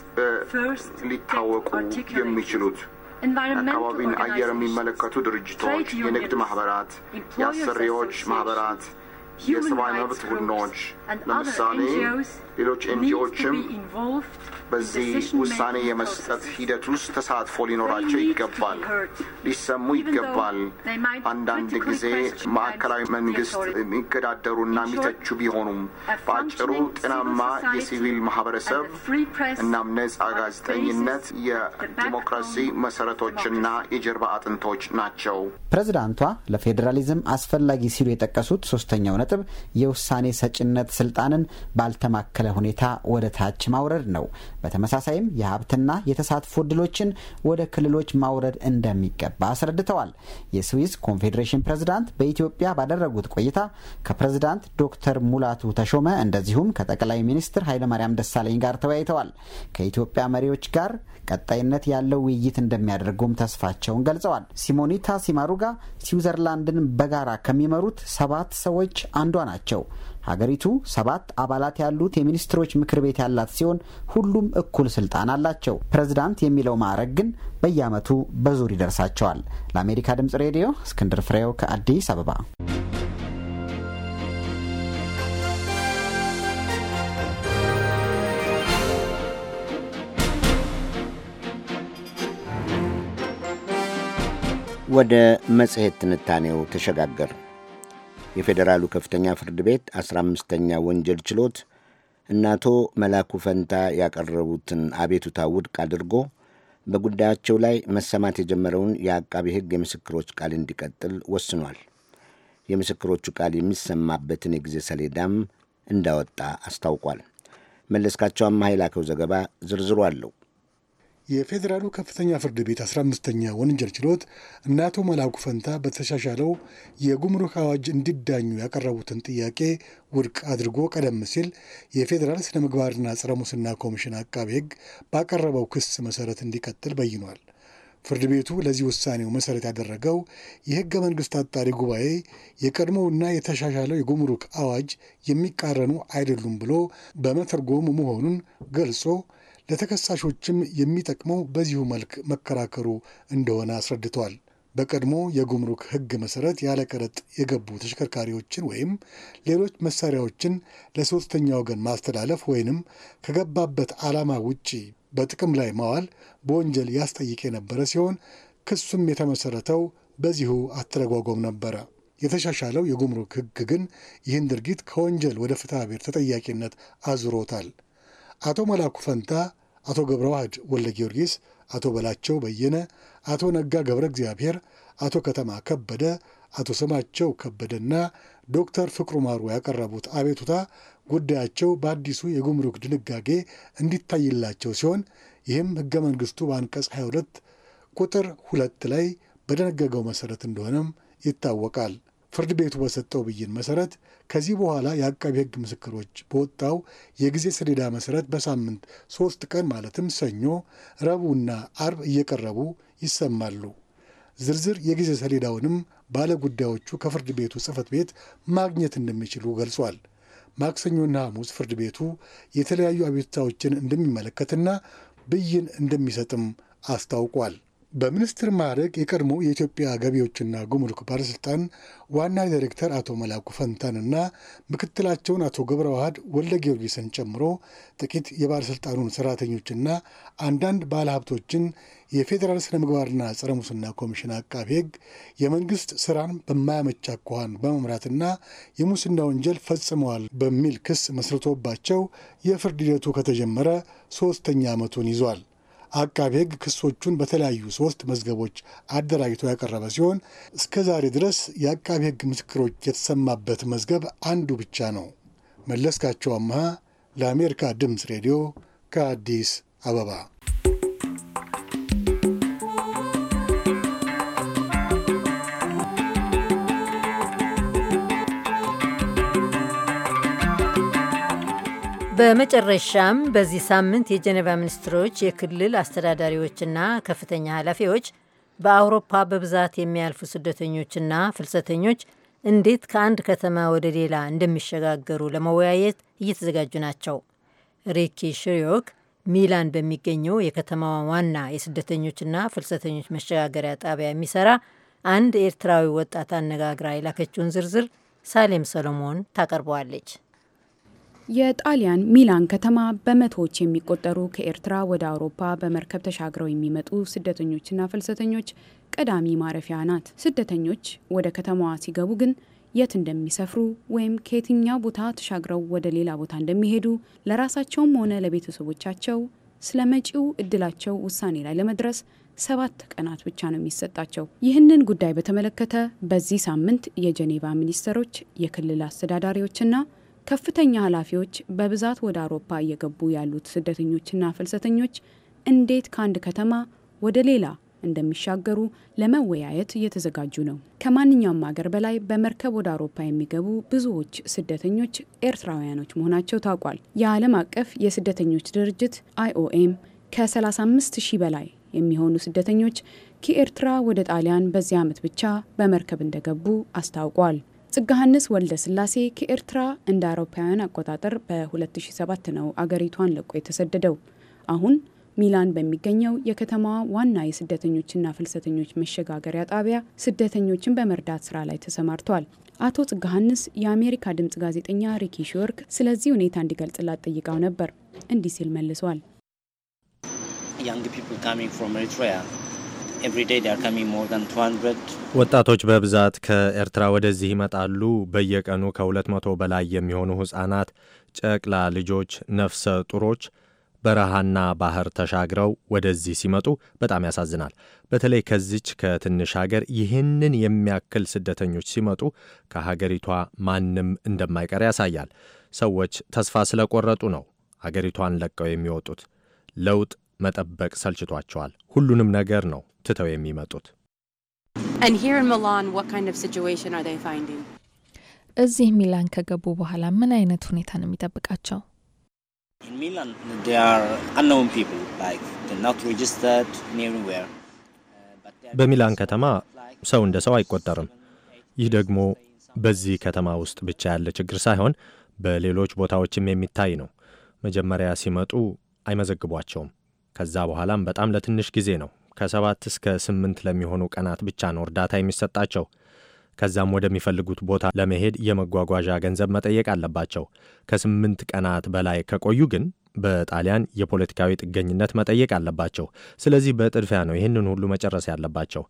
ሊታወቁ የሚችሉት። አካባቢን አየር የሚመለከቱ ድርጅቶች፣ የንግድ ማህበራት፣ የአሰሪዎች ማህበራት የሰብአዊ መብት ቡድኖች ለምሳሌ ሌሎች ኤንጂኦችም በዚህ ውሳኔ የመስጠት ሂደት ውስጥ ተሳትፎ ሊኖራቸው ይገባል፣ ሊሰሙ ይገባል። አንዳንድ ጊዜ ማዕከላዊ መንግስት የሚገዳደሩና የሚተቹ ቢሆኑም በአጭሩ ጤናማ የሲቪል ማህበረሰብ እናም ነጻ ጋዜጠኝነት የዲሞክራሲ መሰረቶችና የጀርባ አጥንቶች ናቸው። ፕሬዝዳንቷ ለፌዴራሊዝም አስፈላጊ ሲሉ የጠቀሱት ሶስተኛው ነጥብ የውሳኔ ሰጭነት ስልጣንን ባልተማከለ ሁኔታ ወደ ታች ማውረድ ነው። በተመሳሳይም የሀብትና የተሳትፎ እድሎችን ወደ ክልሎች ማውረድ እንደሚገባ አስረድተዋል። የስዊስ ኮንፌዴሬሽን ፕሬዝዳንት በኢትዮጵያ ባደረጉት ቆይታ ከፕሬዝዳንት ዶክተር ሙላቱ ተሾመ እንደዚሁም ከጠቅላይ ሚኒስትር ኃይለማርያም ደሳለኝ ጋር ተወያይተዋል። ከኢትዮጵያ መሪዎች ጋር ቀጣይነት ያለው ውይይት እንደሚያደርጉም ተስፋቸውን ገልጸዋል። ሲሞኒታ ሲማሩጋ ስዊዘርላንድን በጋራ ከሚመሩት ሰባት ሰዎች አንዷ ናቸው። ሀገሪቱ ሰባት አባላት ያሉት የሚኒስትሮች ምክር ቤት ያላት ሲሆን ሁሉም እኩል ስልጣን አላቸው። ፕሬዝዳንት የሚለው ማዕረግ ግን በየዓመቱ በዙር ይደርሳቸዋል። ለአሜሪካ ድምጽ ሬዲዮ እስክንድር ፍሬው ከአዲስ አበባ። ወደ መጽሔት ትንታኔው ተሸጋገር የፌዴራሉ ከፍተኛ ፍርድ ቤት 15ኛ ወንጀል ችሎት እና አቶ መላኩ ፈንታ ያቀረቡትን አቤቱታ ውድቅ አድርጎ በጉዳያቸው ላይ መሰማት የጀመረውን የአቃቢ ሕግ የምስክሮች ቃል እንዲቀጥል ወስኗል። የምስክሮቹ ቃል የሚሰማበትን የጊዜ ሰሌዳም እንዳወጣ አስታውቋል። መለስካቸው አማሃይ ዘገባ ዝርዝሩ አለው። የፌዴራሉ ከፍተኛ ፍርድ ቤት 15ኛ ወንጀል ችሎት እነ አቶ መላኩ ፈንታ በተሻሻለው የጉምሩክ አዋጅ እንዲዳኙ ያቀረቡትን ጥያቄ ውድቅ አድርጎ ቀደም ሲል የፌዴራል ስነ ምግባርና ጸረ ሙስና ኮሚሽን አቃቤ ሕግ ባቀረበው ክስ መሰረት እንዲቀጥል በይኗል። ፍርድ ቤቱ ለዚህ ውሳኔው መሰረት ያደረገው የህገ መንግስት አጣሪ ጉባኤ የቀድሞውና የተሻሻለው የጉምሩክ አዋጅ የሚቃረኑ አይደሉም ብሎ በመተርጎሙ መሆኑን ገልጾ ለተከሳሾችም የሚጠቅመው በዚሁ መልክ መከራከሩ እንደሆነ አስረድተዋል። በቀድሞ የጉምሩክ ሕግ መሰረት ያለ ቀረጥ የገቡ ተሽከርካሪዎችን ወይም ሌሎች መሳሪያዎችን ለሶስተኛ ወገን ማስተላለፍ ወይንም ከገባበት ዓላማ ውጪ በጥቅም ላይ ማዋል በወንጀል ያስጠይቅ የነበረ ሲሆን ክሱም የተመሰረተው በዚሁ አተረጓጎም ነበረ። የተሻሻለው የጉምሩክ ሕግ ግን ይህን ድርጊት ከወንጀል ወደ ፍትሐ ብሔር ተጠያቂነት አዙሮታል። አቶ መላኩ ፈንታ፣ አቶ ገብረ ዋህድ ወልደ ጊዮርጊስ፣ አቶ በላቸው በየነ፣ አቶ ነጋ ገብረ እግዚአብሔር፣ አቶ ከተማ ከበደ፣ አቶ ስማቸው ከበደና ዶክተር ፍቅሩ ማሩ ያቀረቡት አቤቱታ ጉዳያቸው በአዲሱ የጉምሩክ ድንጋጌ እንዲታይላቸው ሲሆን ይህም ህገ መንግስቱ በአንቀጽ 22 ቁጥር ሁለት ላይ በደነገገው መሠረት እንደሆነም ይታወቃል። ፍርድ ቤቱ በሰጠው ብይን መሰረት ከዚህ በኋላ የአቃቢ ሕግ ምስክሮች በወጣው የጊዜ ሰሌዳ መሰረት በሳምንት ሶስት ቀን ማለትም ሰኞ፣ ረቡዕና አርብ እየቀረቡ ይሰማሉ። ዝርዝር የጊዜ ሰሌዳውንም ባለጉዳዮቹ ከፍርድ ቤቱ ጽህፈት ቤት ማግኘት እንደሚችሉ ገልጿል። ማክሰኞና ሐሙስ ፍርድ ቤቱ የተለያዩ አቤቱታዎችን እንደሚመለከትና ብይን እንደሚሰጥም አስታውቋል። በሚኒስትር ማዕረግ የቀድሞ የኢትዮጵያ ገቢዎችና ጉምሩክ ባለስልጣን ዋና ዳይሬክተር አቶ መላኩ እና ምክትላቸውን አቶ ገብረ ዋህድ ወልደ ጊዮርጊስን ጨምሮ ጥቂት የባለስልጣኑን ሰራተኞችና አንዳንድ ባለሀብቶችን የፌዴራል ስነ ምግባርና ጸረ ሙስና ኮሚሽን አቃቢ ሕግ የመንግስት ስራን በማያመች አኳኋን በመምራትና የሙስና ወንጀል ፈጽመዋል በሚል ክስ መስርቶባቸው የፍርድ ሂደቱ ከተጀመረ ሶስተኛ ዓመቱን ይዟል። አቃቢ ሕግ ክሶቹን በተለያዩ ሶስት መዝገቦች አደራጅቶ ያቀረበ ሲሆን እስከ ዛሬ ድረስ የአቃቢ ሕግ ምስክሮች የተሰማበት መዝገብ አንዱ ብቻ ነው። መለስካቸው አምሃ ለአሜሪካ ድምፅ ሬዲዮ ከአዲስ አበባ በመጨረሻም በዚህ ሳምንት የጀኔቫ ሚኒስትሮች የክልል አስተዳዳሪዎችና ከፍተኛ ኃላፊዎች በአውሮፓ በብዛት የሚያልፉ ስደተኞችና ፍልሰተኞች እንዴት ከአንድ ከተማ ወደ ሌላ እንደሚሸጋገሩ ለመወያየት እየተዘጋጁ ናቸው። ሪኪ ሽሪዮክ ሚላን በሚገኘው የከተማዋ ዋና የስደተኞችና ፍልሰተኞች መሸጋገሪያ ጣቢያ የሚሰራ አንድ ኤርትራዊ ወጣት አነጋግራ የላከችውን ዝርዝር ሳሌም ሰሎሞን ታቀርበዋለች። የጣሊያን ሚላን ከተማ በመቶዎች የሚቆጠሩ ከኤርትራ ወደ አውሮፓ በመርከብ ተሻግረው የሚመጡ ስደተኞችና ፍልሰተኞች ቀዳሚ ማረፊያ ናት። ስደተኞች ወደ ከተማዋ ሲገቡ ግን የት እንደሚሰፍሩ ወይም ከየትኛው ቦታ ተሻግረው ወደ ሌላ ቦታ እንደሚሄዱ ለራሳቸውም ሆነ ለቤተሰቦቻቸው ስለ መጪው እድላቸው ውሳኔ ላይ ለመድረስ ሰባት ቀናት ብቻ ነው የሚሰጣቸው። ይህንን ጉዳይ በተመለከተ በዚህ ሳምንት የጀኔቫ ሚኒስትሮች፣ የክልል አስተዳዳሪዎችና ከፍተኛ ኃላፊዎች በብዛት ወደ አውሮፓ እየገቡ ያሉት ስደተኞችና ፍልሰተኞች እንዴት ከአንድ ከተማ ወደ ሌላ እንደሚሻገሩ ለመወያየት እየተዘጋጁ ነው። ከማንኛውም አገር በላይ በመርከብ ወደ አውሮፓ የሚገቡ ብዙዎች ስደተኞች ኤርትራውያኖች መሆናቸው ታውቋል። የዓለም አቀፍ የስደተኞች ድርጅት አይኦኤም ከ35 ሺህ በላይ የሚሆኑ ስደተኞች ከኤርትራ ወደ ጣሊያን በዚህ ዓመት ብቻ በመርከብ እንደገቡ አስታውቋል። ጽጋሃንስ ወልደ ስላሴ ከኤርትራ እንደ አውሮፓውያን አቆጣጠር በ2007 ነው አገሪቷን ለቆ የተሰደደው። አሁን ሚላን በሚገኘው የከተማዋ ዋና የስደተኞችና ፍልሰተኞች መሸጋገሪያ ጣቢያ ስደተኞችን በመርዳት ስራ ላይ ተሰማርተዋል። አቶ ጽጋሃንስ የአሜሪካ ድምጽ ጋዜጠኛ ሪኪ ሽወርክ ስለዚህ ሁኔታ እንዲገልጽላት ጠይቃው ነበር። እንዲህ ሲል መልሷል። ወጣቶች በብዛት ከኤርትራ ወደዚህ ይመጣሉ። በየቀኑ ከሁለት መቶ በላይ የሚሆኑ ሕፃናት፣ ጨቅላ ልጆች፣ ነፍሰ ጡሮች በረሃና ባህር ተሻግረው ወደዚህ ሲመጡ በጣም ያሳዝናል። በተለይ ከዚች ከትንሽ ሀገር ይህንን የሚያክል ስደተኞች ሲመጡ ከሀገሪቷ ማንም እንደማይቀር ያሳያል። ሰዎች ተስፋ ስለቆረጡ ነው ሀገሪቷን ለቀው የሚወጡት። ለውጥ መጠበቅ ሰልችቷቸዋል። ሁሉንም ነገር ነው ትተው የሚመጡት። እዚህ ሚላን ከገቡ በኋላ ምን አይነት ሁኔታ ነው የሚጠብቃቸው? በሚላን ከተማ ሰው እንደ ሰው አይቆጠርም። ይህ ደግሞ በዚህ ከተማ ውስጥ ብቻ ያለ ችግር ሳይሆን በሌሎች ቦታዎችም የሚታይ ነው። መጀመሪያ ሲመጡ አይመዘግቧቸውም። ከዛ በኋላም በጣም ለትንሽ ጊዜ ነው ከሰባት እስከ ስምንት ለሚሆኑ ቀናት ብቻ ነው እርዳታ የሚሰጣቸው። ከዛም ወደሚፈልጉት ቦታ ለመሄድ የመጓጓዣ ገንዘብ መጠየቅ አለባቸው። ከስምንት ቀናት በላይ ከቆዩ ግን በጣሊያን የፖለቲካዊ ጥገኝነት መጠየቅ አለባቸው። ስለዚህ በጥድፊያ ነው ይህንን ሁሉ መጨረስ ያለባቸው።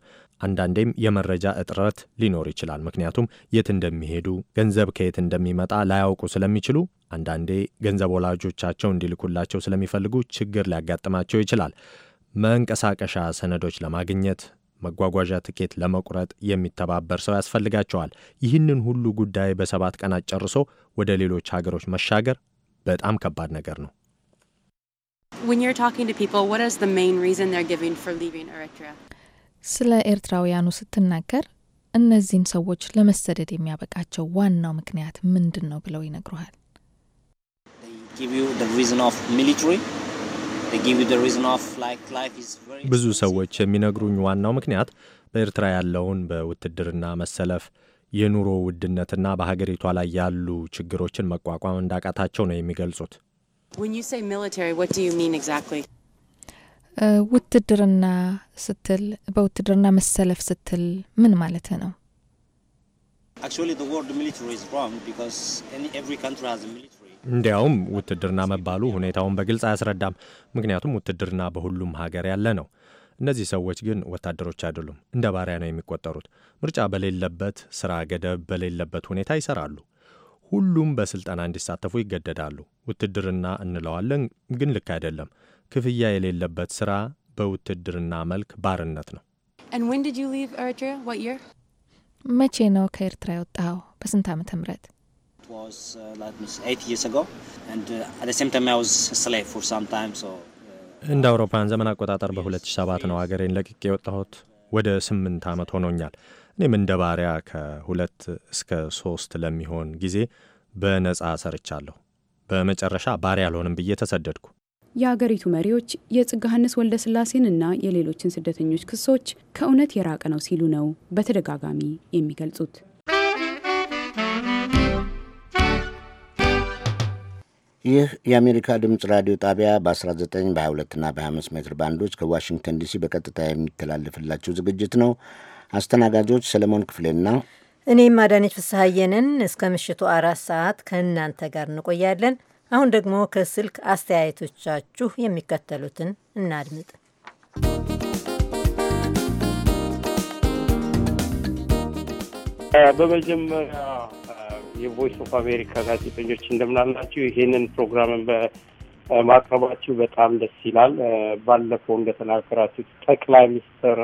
አንዳንዴም የመረጃ እጥረት ሊኖር ይችላል። ምክንያቱም የት እንደሚሄዱ ገንዘብ ከየት እንደሚመጣ ላያውቁ ስለሚችሉ፣ አንዳንዴ ገንዘብ ወላጆቻቸው እንዲልኩላቸው ስለሚፈልጉ ችግር ሊያጋጥማቸው ይችላል። መንቀሳቀሻ ሰነዶች ለማግኘት መጓጓዣ ትኬት ለመቁረጥ የሚተባበር ሰው ያስፈልጋቸዋል። ይህንን ሁሉ ጉዳይ በሰባት ቀናት ጨርሶ ወደ ሌሎች ሀገሮች መሻገር በጣም ከባድ ነገር ነው። ስለ ኤርትራውያኑ ስትናገር እነዚህን ሰዎች ለመሰደድ የሚያበቃቸው ዋናው ምክንያት ምንድን ነው ብለው ይነግሩሃል? ብዙ ሰዎች የሚነግሩኝ ዋናው ምክንያት በኤርትራ ያለውን በውትድርና መሰለፍ፣ የኑሮ ውድነትና በሀገሪቷ ላይ ያሉ ችግሮችን መቋቋም እንዳቃታቸው ነው የሚገልጹት። ውትድርና ስትል በውትድርና መሰለፍ ስትል ምን ማለት ነው? እንዲያውም ውትድርና መባሉ ሁኔታውን በግልጽ አያስረዳም። ምክንያቱም ውትድርና በሁሉም ሀገር ያለ ነው። እነዚህ ሰዎች ግን ወታደሮች አይደሉም፣ እንደ ባሪያ ነው የሚቆጠሩት። ምርጫ በሌለበት፣ ስራ ገደብ በሌለበት ሁኔታ ይሰራሉ። ሁሉም በስልጠና እንዲሳተፉ ይገደዳሉ። ውትድርና እንለዋለን፣ ግን ልክ አይደለም። ክፍያ የሌለበት ስራ በውትድርና መልክ ባርነት ነው። መቼ ነው ከኤርትራ የወጣኸው? በስንት ዓመተ ምህረት? እንደ አውሮፓውያን ዘመን አቆጣጠር በ2007 ነው አገሬን ለቅቄ የወጣሁት። ወደ ስምንት ዓመት ሆኖኛል። እኔም እንደ ባሪያ ከሁለት እስከ ሶስት ለሚሆን ጊዜ በነጻ ሰርቻለሁ። በመጨረሻ ባሪያ አልሆንም ብዬ ተሰደድኩ። የአገሪቱ መሪዎች የጽጋህንስ ወልደ ስላሴንና የሌሎችን ስደተኞች ክሶች ከእውነት የራቀ ነው ሲሉ ነው በተደጋጋሚ የሚገልጹት። ይህ የአሜሪካ ድምፅ ራዲዮ ጣቢያ በ19 በ22ና በ25 ሜትር ባንዶች ከዋሽንግተን ዲሲ በቀጥታ የሚተላለፍላቸው ዝግጅት ነው። አስተናጋጆች ሰለሞን ክፍሌና እኔም አዳነች ፍስሐየንን እስከ ምሽቱ አራት ሰዓት ከእናንተ ጋር እንቆያለን። አሁን ደግሞ ከስልክ አስተያየቶቻችሁ የሚከተሉትን እናድምጥ። በመጀመሪያ የቮይስ ኦፍ አሜሪካ ጋዜጠኞች እንደምናላችሁ። ይሄንን ፕሮግራምን በማቅረባችሁ በጣም ደስ ይላል። ባለፈው እንደተናገራችሁት ጠቅላይ ሚኒስትር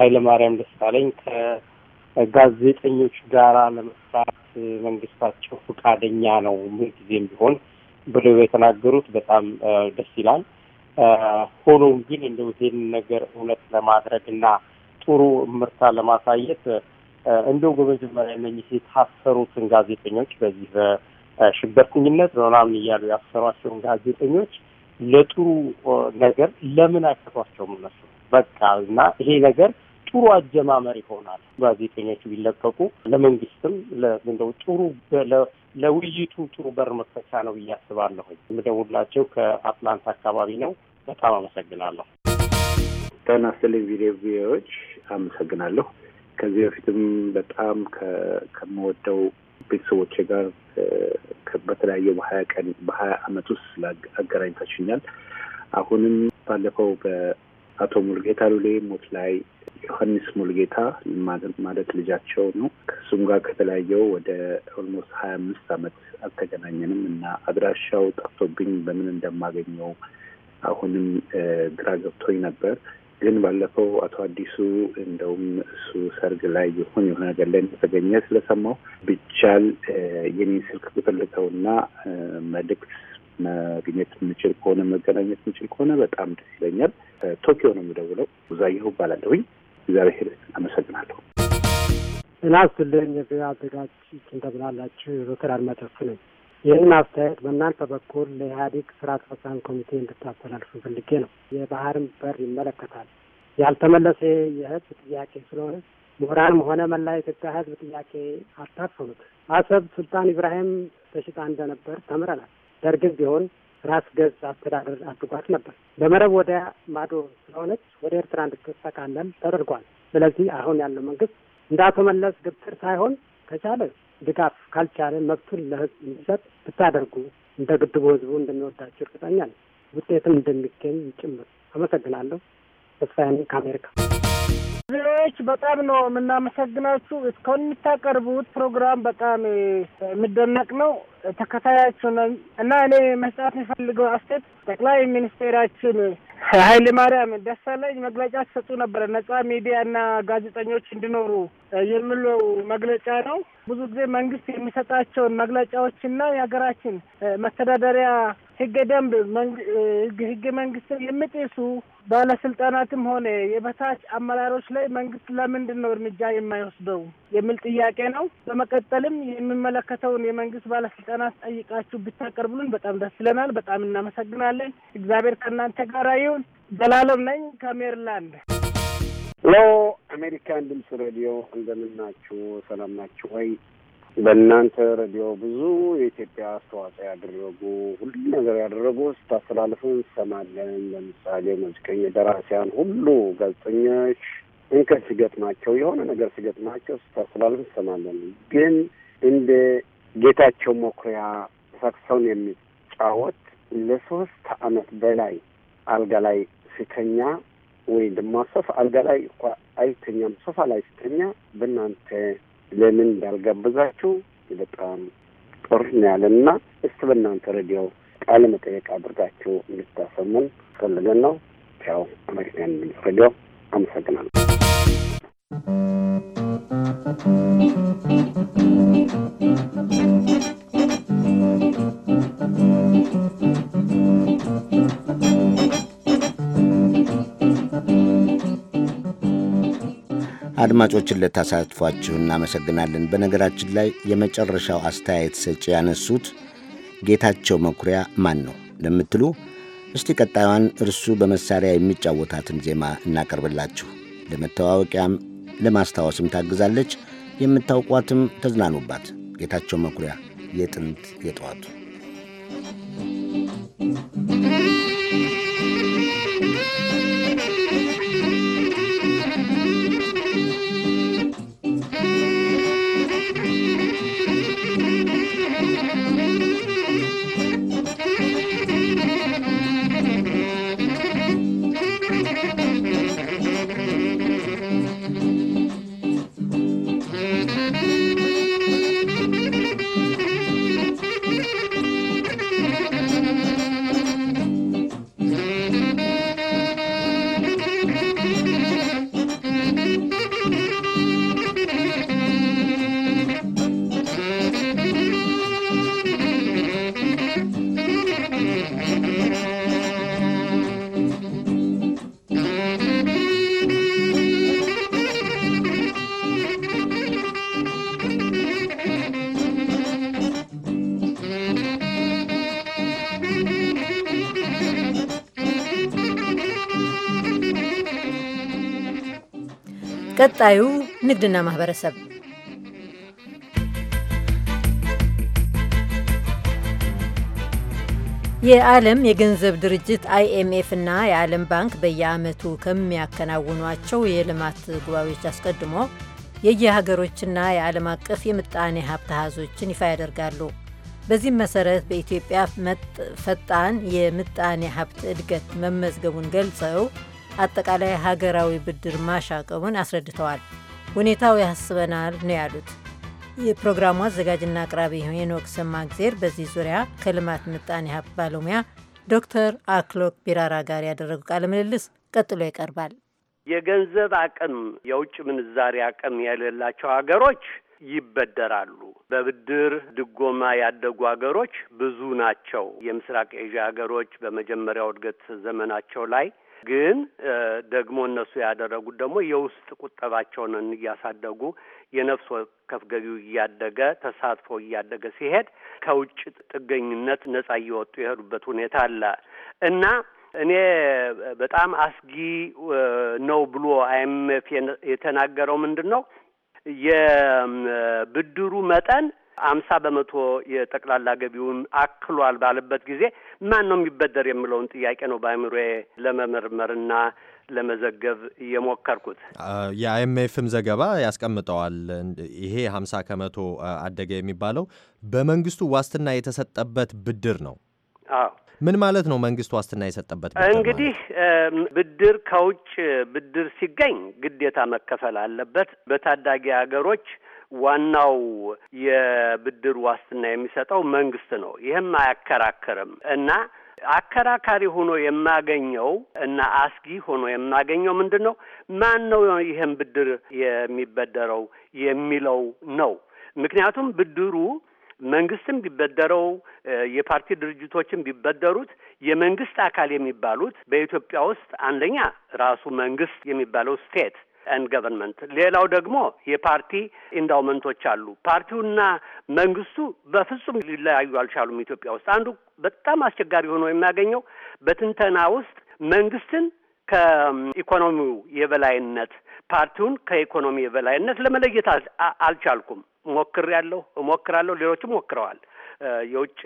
ኃይለማርያም ደሳለኝ ከጋዜጠኞች ጋራ ለመስራት መንግስታቸው ፈቃደኛ ነው ምንጊዜም ቢሆን ብለው የተናገሩት በጣም ደስ ይላል። ሆኖም ግን እንደው ይሄንን ነገር እውነት ለማድረግ እና ጥሩ ምርታ ለማሳየት እንደው በመጀመሪያ እነዚህ የታሰሩትን ጋዜጠኞች በዚህ በሽብርተኝነት በምናምን እያሉ ያሰሯቸውን ጋዜጠኞች ለጥሩ ነገር ለምን አይሰጧቸውም? እነሱ በቃ እና ይሄ ነገር ጥሩ አጀማመር ይሆናል። ጋዜጠኞቹ ቢለቀቁ ለመንግስትም እንደው ጥሩ ለውይይቱ ጥሩ በር መክፈቻ ነው ብዬ አስባለሁኝ። የምደውላቸው ከአትላንታ አካባቢ ነው። በጣም አመሰግናለሁ። ጤና ይስጥልኝ ቪዲዮ ቪዲዮዎች አመሰግናለሁ። ከዚህ በፊትም በጣም ከምወደው ቤተሰቦቼ ጋር በተለያየ በሀያ ቀን በሀያ አመት ውስጥ አገናኝታችኛል። አሁንም ባለፈው በአቶ ሙልጌታ ሉሌ ሞት ላይ ዮሐንስ ሙልጌታ ማለት ልጃቸው ነው። ከእሱም ጋር ከተለያየው ወደ ኦልሞስት ሀያ አምስት አመት አልተገናኘንም እና አድራሻው ጠፍቶብኝ በምን እንደማገኘው አሁንም ግራ ገብቶኝ ነበር። ግን ባለፈው አቶ አዲሱ እንደውም እሱ ሰርግ ላይ ይሁን የሆነ ነገር ላይ እንደተገኘ ስለሰማው ብቻል የኔን ስልክ ቁጥር ልተውና መልዕክት ማግኘት የምችል ከሆነ መገናኘት የምችል ከሆነ በጣም ደስ ይለኛል። ቶኪዮ ነው የምደውለው። ዛየሁ እባላለሁኝ። እግዚአብሔር አመሰግናለሁ። ጤና ይስጥልኝ። አዘጋጅ እንደምን አላችሁ? ዶክተር አድማጨፍ ነኝ። ይህን አስተያየት በእናንተ በኩል ለኢህአዴግ ስራ አስፈጻሚ ኮሚቴ እንድታስተላልፉ ፈልጌ ነው። የባህርን በር ይመለከታል። ያልተመለሰ የህዝብ ጥያቄ ስለሆነ ምሁራንም ሆነ መላ ኢትዮጵያ ህዝብ ጥያቄ አታፈኑት። አሰብ ሱልጣን ኢብራሂም ተሽጣ እንደነበር ተምረናል። ደርግም ቢሆን ራስ ገዝ አስተዳደር አድርጓት ነበር። በመረብ ወደ ማዶ ስለሆነች ወደ ኤርትራ እንድትሰቃለል ተደርጓል። ስለዚህ አሁን ያለው መንግስት እንዳተመለስ መለስ ግብትር ሳይሆን ከቻለ ድጋፍ ካልቻለ መብቱን ለህዝብ እንዲሰጥ ብታደርጉ እንደ ግድቡ ህዝቡ እንደሚወዳቸው እርግጠኛ ነው፣ ውጤትም እንደሚገኝ ጭምር። አመሰግናለሁ። ተስፋዬ ከአሜሪካ ዜዎች በጣም ነው የምናመሰግናችሁ። እስካሁን የምታቀርቡት ፕሮግራም በጣም የሚደነቅ ነው። ተከታያችሁ ነኝ እና እኔ መስጠት የሚፈልገው አስተያየት ጠቅላይ ሚኒስቴራችን ኃይለማርያም ደሳለኝ መግለጫ ሲሰጡ ነበረ ነጻ ሚዲያ እና ጋዜጠኞች እንዲኖሩ የምለው መግለጫ ነው። ብዙ ጊዜ መንግስት የሚሰጣቸውን መግለጫዎችና የሀገራችን መተዳደሪያ ህገ ደንብ ህገ መንግስትን የሚጥሱ ባለስልጣናትም ሆነ የበታች አመራሮች ላይ መንግስት ለምንድን ነው እርምጃ የማይወስደው የሚል ጥያቄ ነው። በመቀጠልም የሚመለከተውን የመንግስት ባለስልጣናት ጠይቃችሁ ብታቀርቡልን በጣም ደስ ይለናል። በጣም እናመሰግናለን። እግዚአብሔር ከእናንተ ጋር ይሁን። ዘላለም ነኝ ከሜሪላንድ ሎ አሜሪካን ድምፅ ሬዲዮ እንደምናችሁ፣ ሰላም ናችሁ ወይ? በእናንተ ሬዲዮ ብዙ የኢትዮጵያ አስተዋጽኦ ያደረጉ ሁሉ ነገር ያደረጉ ስታስተላልፉ እንሰማለን። ለምሳሌ ሙዚቀኛ፣ ደራሲያን ሁሉ ጋዜጠኞች እንከን ሲገጥማቸው የሆነ ነገር ሲገጥማቸው ስታስተላልፉ እንሰማለን። ግን እንደ ጌታቸው መኩሪያ ሳክሶን የሚጫወት ለሶስት አመት በላይ አልጋ ላይ ሲተኛ ወይ ሶፋ አልጋ ላይ እኳ አይተኛም፣ ሶፋ ላይ ስተኛ በእናንተ ለምን እንዳልጋበዛችሁ በጣም ጦርን ያለና እስቲ በእናንተ ሬዲዮ ቃለ መጠየቅ አድርጋችሁ እንድታሰሙን ፈልገን ነው። ያው አሜሪካን ድምፅ ሬዲዮ አመሰግናለሁ። Thank you. አድማጮችን ለታሳትፏችሁ እናመሰግናለን። በነገራችን ላይ የመጨረሻው አስተያየት ሰጪ ያነሱት ጌታቸው መኩሪያ ማን ነው ለምትሉ እስቲ ቀጣዩን እርሱ በመሳሪያ የሚጫወታትን ዜማ እናቀርብላችሁ። ለመተዋወቂያም ለማስታወስም ታግዛለች። የምታውቋትም ተዝናኑባት። ጌታቸው መኩሪያ የጥንት የጠዋቱ ቀጣዩ ንግድና ማህበረሰብ የዓለም የገንዘብ ድርጅት አይኤምኤፍ እና የዓለም ባንክ በየዓመቱ ከሚያከናውኗቸው የልማት ጉባኤዎች አስቀድሞ የየሀገሮችና የዓለም አቀፍ የምጣኔ ሀብት አሃዞችን ይፋ ያደርጋሉ። በዚህም መሰረት በኢትዮጵያ ፈጣን የምጣኔ ሀብት እድገት መመዝገቡን ገልጸው አጠቃላይ ሀገራዊ ብድር ማሻቀቡን አስረድተዋል። ሁኔታው ያስበናል ነው ያሉት። የፕሮግራሙ አዘጋጅና አቅራቢ ሄኖክ ሰማእግዜር በዚህ ዙሪያ ከልማት ምጣኔ ሀብት ባለሙያ ዶክተር አክሎክ ቢራራ ጋር ያደረጉ ቃለ ምልልስ ቀጥሎ ይቀርባል። የገንዘብ አቅም የውጭ ምንዛሪ አቅም የሌላቸው ሀገሮች ይበደራሉ። በብድር ድጎማ ያደጉ ሀገሮች ብዙ ናቸው። የምስራቅ ኤዥያ ሀገሮች በመጀመሪያው እድገት ዘመናቸው ላይ ግን ደግሞ እነሱ ያደረጉት ደግሞ የውስጥ ቁጠባቸውን እያሳደጉ የነፍስ ወከፍ ገቢው እያደገ ተሳትፎ እያደገ ሲሄድ ከውጭ ጥገኝነት ነጻ እየወጡ የሄዱበት ሁኔታ አለ እና እኔ በጣም አስጊ ነው ብሎ አይኤምኤፍ የተናገረው ምንድን ነው የብድሩ መጠን አምሳ በመቶ የጠቅላላ ገቢውን አክሏል ባለበት ጊዜ ማን ነው የሚበደር የሚለውን ጥያቄ ነው በአእምሮዬ ለመመርመርና ለመዘገብ የሞከርኩት። የአይኤምኤፍም ዘገባ ያስቀምጠዋል። ይሄ ሀምሳ ከመቶ አደገ የሚባለው በመንግስቱ ዋስትና የተሰጠበት ብድር ነው። አዎ ምን ማለት ነው? መንግስት ዋስትና የሰጠበት እንግዲህ ብድር ከውጭ ብድር ሲገኝ ግዴታ መከፈል አለበት። በታዳጊ ሀገሮች ዋናው የብድር ዋስትና የሚሰጠው መንግስት ነው። ይህም አያከራከርም እና አከራካሪ ሆኖ የማገኘው እና አስጊ ሆኖ የማገኘው ምንድን ነው? ማን ነው ይህን ብድር የሚበደረው የሚለው ነው። ምክንያቱም ብድሩ መንግስትም ቢበደረው የፓርቲ ድርጅቶችም ቢበደሩት የመንግስት አካል የሚባሉት በኢትዮጵያ ውስጥ አንደኛ ራሱ መንግስት የሚባለው ስቴት ኤንድ ገቨርንመንት። ሌላው ደግሞ የፓርቲ ኢንዳውመንቶች አሉ። ፓርቲውና መንግስቱ በፍጹም ሊለያዩ አልቻሉም። ኢትዮጵያ ውስጥ አንዱ በጣም አስቸጋሪ ሆኖ የሚያገኘው በትንተና ውስጥ መንግስትን ከኢኮኖሚው የበላይነት ፓርቲውን ከኢኮኖሚ የበላይነት ለመለየት አልቻልኩም። ሞክሬያለሁ፣ እሞክራለሁ፣ ሌሎችም ሞክረዋል። የውጭ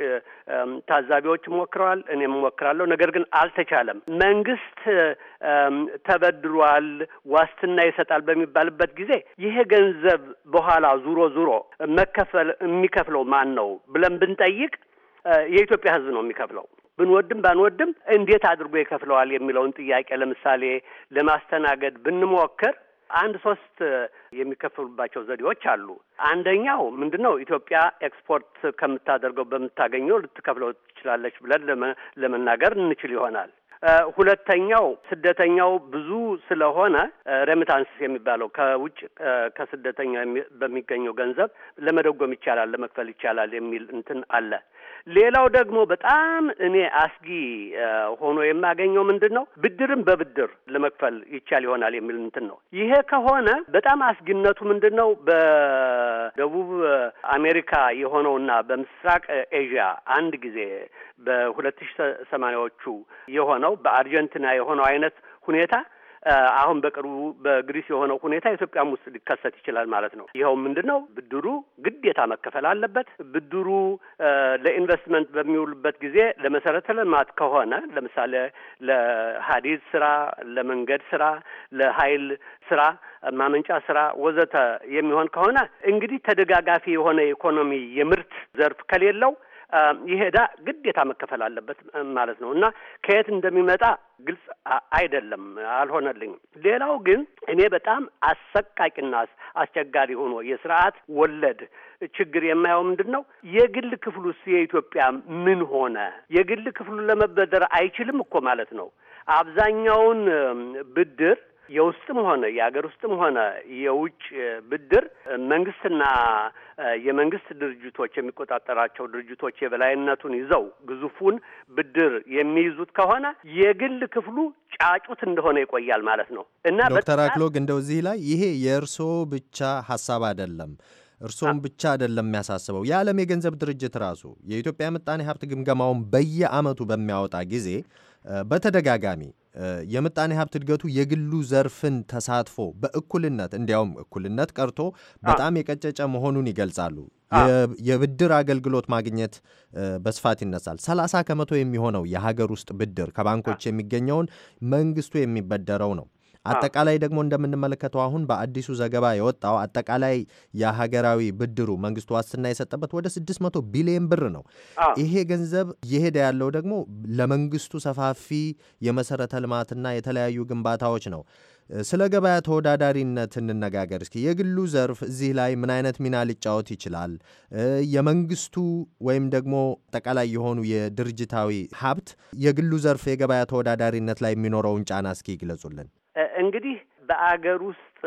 ታዛቢዎች ሞክረዋል፣ እኔም ሞክራለሁ። ነገር ግን አልተቻለም። መንግስት ተበድሯል፣ ዋስትና ይሰጣል በሚባልበት ጊዜ ይሄ ገንዘብ በኋላ ዙሮ ዙሮ መከፈል የሚከፍለው ማን ነው ብለን ብንጠይቅ የኢትዮጵያ ሕዝብ ነው የሚከፍለው ብንወድም ባንወድም እንዴት አድርጎ ይከፍለዋል የሚለውን ጥያቄ ለምሳሌ ለማስተናገድ ብንሞክር አንድ ሶስት የሚከፍሉባቸው ዘዴዎች አሉ። አንደኛው ምንድን ነው? ኢትዮጵያ ኤክስፖርት ከምታደርገው በምታገኘው ልትከፍለው ትችላለች ብለን ለመናገር እንችል ይሆናል። ሁለተኛው ስደተኛው ብዙ ስለሆነ ሬሚታንስ የሚባለው ከውጭ ከስደተኛው በሚገኘው ገንዘብ ለመደጎም ይቻላል፣ ለመክፈል ይቻላል የሚል እንትን አለ። ሌላው ደግሞ በጣም እኔ አስጊ ሆኖ የማገኘው ምንድን ነው ብድርም በብድር ለመክፈል ይቻል ይሆናል የሚል እንትን ነው። ይሄ ከሆነ በጣም አስጊነቱ ምንድን ነው? በደቡብ አሜሪካ የሆነውና በምስራቅ ኤዥያ አንድ ጊዜ በሁለት ሺህ ሰማንያዎቹ የሆነው በአርጀንቲና የሆነው አይነት ሁኔታ አሁን በቅርቡ በግሪስ የሆነው ሁኔታ ኢትዮጵያም ውስጥ ሊከሰት ይችላል ማለት ነው። ይኸው ምንድን ነው ብድሩ ግዴታ መከፈል አለበት። ብድሩ ለኢንቨስትመንት በሚውሉበት ጊዜ ለመሰረተ ልማት ከሆነ ለምሳሌ ለሀዲድ ስራ፣ ለመንገድ ስራ፣ ለሀይል ስራ ማመንጫ ስራ ወዘተ የሚሆን ከሆነ እንግዲህ ተደጋጋፊ የሆነ የኢኮኖሚ የምርት ዘርፍ ከሌለው ይሄ ዕዳ ግዴታ መከፈል አለበት ማለት ነው እና ከየት እንደሚመጣ ግልጽ አይደለም፣ አልሆነልኝም። ሌላው ግን እኔ በጣም አሰቃቂና አስቸጋሪ ሆኖ የስርዓት ወለድ ችግር የማየው ምንድን ነው? የግል ክፍሉስ የኢትዮጵያ ምን ሆነ? የግል ክፍሉ ለመበደር አይችልም እኮ ማለት ነው። አብዛኛውን ብድር የውስጥም ሆነ የሀገር ውስጥም ሆነ የውጭ ብድር መንግስትና የመንግስት ድርጅቶች የሚቆጣጠራቸው ድርጅቶች የበላይነቱን ይዘው ግዙፉን ብድር የሚይዙት ከሆነ የግል ክፍሉ ጫጩት እንደሆነ ይቆያል ማለት ነው እና ዶክተር አክሎግ እንደው እዚህ ላይ ይሄ የእርስዎ ብቻ ሀሳብ አይደለም። እርስዎም ብቻ አይደለም የሚያሳስበው። የዓለም የገንዘብ ድርጅት ራሱ የኢትዮጵያ ምጣኔ ሀብት ግምገማውን በየአመቱ በሚያወጣ ጊዜ በተደጋጋሚ የምጣኔ ሀብት እድገቱ የግሉ ዘርፍን ተሳትፎ በእኩልነት እንዲያውም እኩልነት ቀርቶ በጣም የቀጨጨ መሆኑን ይገልጻሉ። የብድር አገልግሎት ማግኘት በስፋት ይነሳል። 30 ከመቶ የሚሆነው የሀገር ውስጥ ብድር ከባንኮች የሚገኘውን መንግስቱ የሚበደረው ነው። አጠቃላይ ደግሞ እንደምንመለከተው አሁን በአዲሱ ዘገባ የወጣው አጠቃላይ የሀገራዊ ብድሩ መንግስቱ ዋስትና የሰጠበት ወደ 600 ቢሊዮን ብር ነው። ይሄ ገንዘብ እየሄደ ያለው ደግሞ ለመንግስቱ ሰፋፊ የመሰረተ ልማትና የተለያዩ ግንባታዎች ነው። ስለ ገበያ ተወዳዳሪነት እንነጋገር እስኪ። የግሉ ዘርፍ እዚህ ላይ ምን አይነት ሚና ሊጫወት ይችላል? የመንግስቱ ወይም ደግሞ አጠቃላይ የሆኑ የድርጅታዊ ሀብት የግሉ ዘርፍ የገበያ ተወዳዳሪነት ላይ የሚኖረውን ጫና እስኪ ይግለጹልን። እንግዲህ በአገር ውስጥ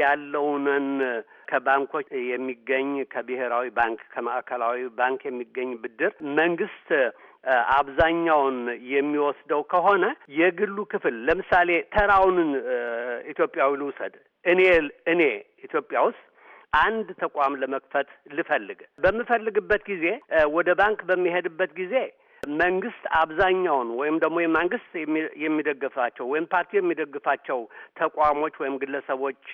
ያለውንን ከባንኮች የሚገኝ ከብሔራዊ ባንክ ከማዕከላዊ ባንክ የሚገኝ ብድር መንግስት አብዛኛውን የሚወስደው ከሆነ የግሉ ክፍል ለምሳሌ ተራውን ኢትዮጵያዊ ልውሰድ። እኔ እኔ ኢትዮጵያ ውስጥ አንድ ተቋም ለመክፈት ልፈልግ በምፈልግበት ጊዜ ወደ ባንክ በሚሄድበት ጊዜ መንግስት አብዛኛውን ወይም ደግሞ የመንግስት የሚደግፋቸው ወይም ፓርቲ የሚደግፋቸው ተቋሞች ወይም ግለሰቦች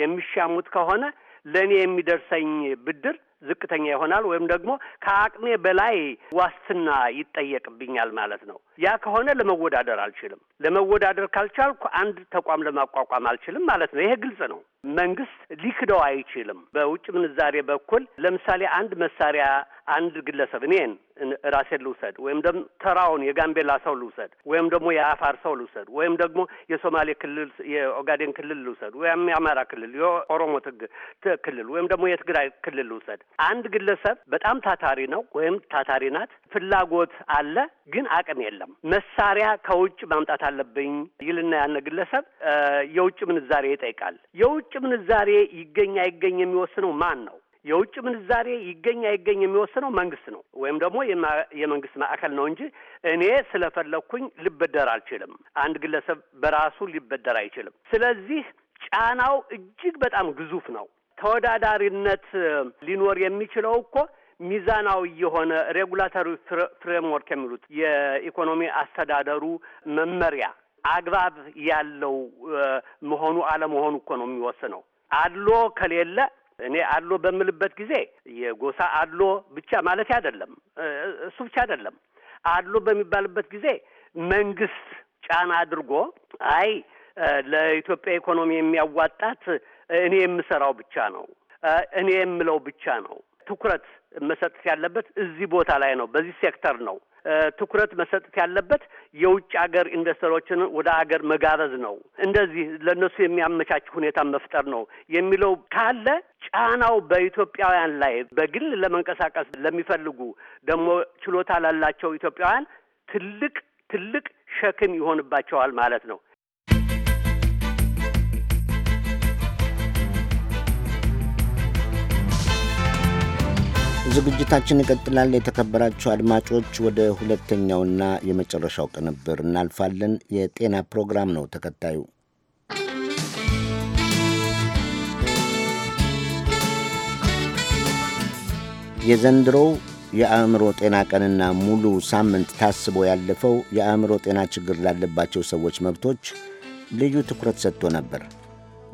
የሚሻሙት ከሆነ ለእኔ የሚደርሰኝ ብድር ዝቅተኛ ይሆናል ወይም ደግሞ ከአቅሜ በላይ ዋስትና ይጠየቅብኛል ማለት ነው። ያ ከሆነ ለመወዳደር አልችልም። ለመወዳደር ካልቻልኩ አንድ ተቋም ለማቋቋም አልችልም ማለት ነው። ይሄ ግልጽ ነው። መንግስት ሊክደው አይችልም። በውጭ ምንዛሬ በኩል ለምሳሌ አንድ መሳሪያ አንድ ግለሰብ እኔን ራሴን ልውሰድ ወይም ደግሞ ተራውን የጋምቤላ ሰው ልውሰድ ወይም ደግሞ የአፋር ሰው ልውሰድ ወይም ደግሞ የሶማሌ ክልል የኦጋዴን ክልል ልውሰድ ወይም የአማራ ክልል የኦሮሞ ክልል ወይም ደግሞ የትግራይ ክልል ልውሰድ አንድ ግለሰብ በጣም ታታሪ ነው ወይም ታታሪ ናት፣ ፍላጎት አለ፣ ግን አቅም የለም። መሳሪያ ከውጭ ማምጣት አለብኝ ይልና ያነ ግለሰብ የውጭ ምንዛሬ ይጠይቃል። የውጭ የውጭ ምንዛሬ ይገኝ አይገኝ የሚወስነው ማን ነው? የውጭ ምንዛሬ ይገኝ አይገኝ የሚወስነው መንግስት ነው ወይም ደግሞ የመንግስት ማዕከል ነው እንጂ እኔ ስለፈለግኩኝ ልበደር አልችልም። አንድ ግለሰብ በራሱ ሊበደር አይችልም። ስለዚህ ጫናው እጅግ በጣም ግዙፍ ነው። ተወዳዳሪነት ሊኖር የሚችለው እኮ ሚዛናዊ የሆነ ሬጉላተሪ ፍሬምወርክ የሚሉት የኢኮኖሚ አስተዳደሩ መመሪያ አግባብ ያለው መሆኑ አለመሆኑ እኮ ነው የሚወስነው። አድሎ ከሌለ እኔ አድሎ በምልበት ጊዜ የጎሳ አድሎ ብቻ ማለት አይደለም፣ እሱ ብቻ አይደለም። አድሎ በሚባልበት ጊዜ መንግስት ጫና አድርጎ አይ ለኢትዮጵያ ኢኮኖሚ የሚያዋጣት እኔ የምሰራው ብቻ ነው፣ እኔ የምለው ብቻ ነው፣ ትኩረት መሰጠት ያለበት እዚህ ቦታ ላይ ነው፣ በዚህ ሴክተር ነው ትኩረት መሰጠት ያለበት የውጭ ሀገር ኢንቨስተሮችን ወደ ሀገር መጋበዝ ነው፣ እንደዚህ ለእነሱ የሚያመቻች ሁኔታ መፍጠር ነው የሚለው ካለ ጫናው በኢትዮጵያውያን ላይ በግል ለመንቀሳቀስ ለሚፈልጉ ደግሞ ችሎታ ላላቸው ኢትዮጵያውያን ትልቅ ትልቅ ሸክም ይሆንባቸዋል ማለት ነው። ዝግጅታችን ይቀጥላል። የተከበራችሁ አድማጮች፣ ወደ ሁለተኛውና የመጨረሻው ቅንብር እናልፋለን። የጤና ፕሮግራም ነው ተከታዩ። የዘንድሮው የአእምሮ ጤና ቀንና ሙሉ ሳምንት ታስቦ ያለፈው የአእምሮ ጤና ችግር ላለባቸው ሰዎች መብቶች ልዩ ትኩረት ሰጥቶ ነበር።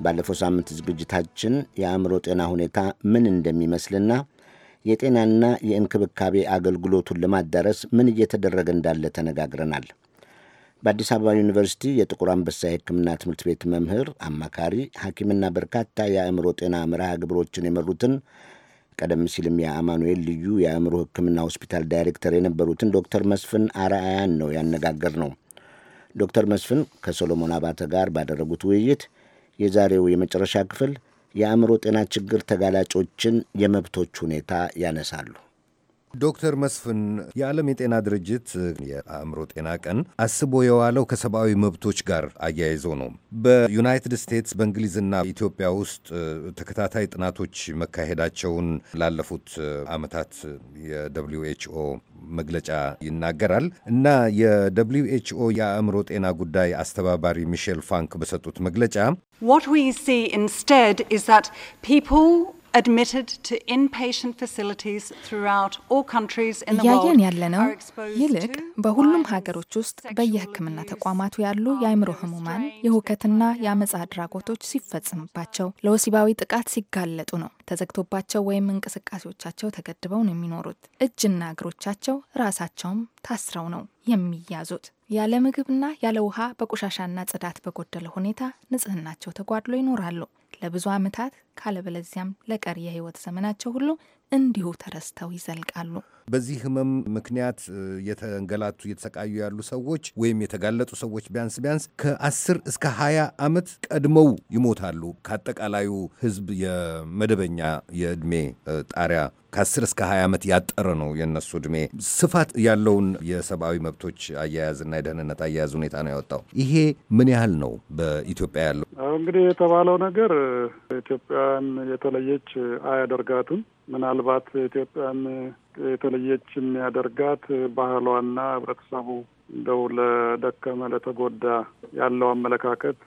ባለፈው ሳምንት ዝግጅታችን የአእምሮ ጤና ሁኔታ ምን እንደሚመስልና የጤናና የእንክብካቤ አገልግሎቱን ለማዳረስ ምን እየተደረገ እንዳለ ተነጋግረናል። በአዲስ አበባ ዩኒቨርሲቲ የጥቁር አንበሳ የሕክምና ትምህርት ቤት መምህር አማካሪ ሐኪምና በርካታ የአእምሮ ጤና መርሃ ግብሮችን የመሩትን ቀደም ሲልም የአማኑኤል ልዩ የአእምሮ ሕክምና ሆስፒታል ዳይሬክተር የነበሩትን ዶክተር መስፍን አርአያን ነው ያነጋገር ነው። ዶክተር መስፍን ከሶሎሞን አባተ ጋር ባደረጉት ውይይት የዛሬው የመጨረሻ ክፍል የአእምሮ ጤና ችግር ተጋላጮችን የመብቶች ሁኔታ ያነሳሉ። ዶክተር መስፍን የዓለም የጤና ድርጅት የአእምሮ ጤና ቀን አስቦ የዋለው ከሰብአዊ መብቶች ጋር አያይዞ ነው። በዩናይትድ ስቴትስ በእንግሊዝና ኢትዮጵያ ውስጥ ተከታታይ ጥናቶች መካሄዳቸውን ላለፉት ዓመታት የደብሊው ኤችኦ መግለጫ ይናገራል እና የደብሊው የአእምሮ ጤና ጉዳይ አስተባባሪ ሚሼል ፋንክ በሰጡት መግለጫ What we see instead is that people admitted to inpatient እያየን ያለነው ይልቅ በሁሉም ሀገሮች ውስጥ በየሕክምና ተቋማቱ ያሉ የአእምሮ ህሙማን የሁከትና የአመጻ አድራጎቶች ሲፈጽምባቸው ለወሲባዊ ጥቃት ሲጋለጡ ነው። ተዘግቶባቸው ወይም እንቅስቃሴዎቻቸው ተገድበው ነው የሚኖሩት። እጅና እግሮቻቸው ራሳቸውም ታስረው ነው የሚያዙት። ያለ ምግብና ያለ ውሃ በቆሻሻና ጽዳት በጎደለ ሁኔታ ንጽህናቸው ተጓድሎ ይኖራሉ። ለብዙ ዓመታት ካለበለዚያም ለቀሪ የህይወት ዘመናቸው ሁሉ እንዲሁ ተረስተው ይዘልቃሉ። በዚህ ህመም ምክንያት የተንገላቱ እየተሰቃዩ ያሉ ሰዎች ወይም የተጋለጡ ሰዎች ቢያንስ ቢያንስ ከአስር እስከ ሀያ ዓመት ቀድመው ይሞታሉ። ከአጠቃላዩ ህዝብ የመደበኛ የእድሜ ጣሪያ ከአስር እስከ ሀያ ዓመት ያጠረ ነው የእነሱ እድሜ ስፋት ያለውን የሰብአዊ መብቶች አያያዝና የደህንነት አያያዝ ሁኔታ ነው ያወጣው። ይሄ ምን ያህል ነው በኢትዮጵያ ያለው? እንግዲህ የተባለው ነገር ኢትዮጵያን የተለየች አያደርጋትም። ምናልባት ኢትዮጵያን የተለየች የሚያደርጋት ባህሏና ህብረተሰቡ እንደው ለደከመ ለተጎዳ ያለው አመለካከት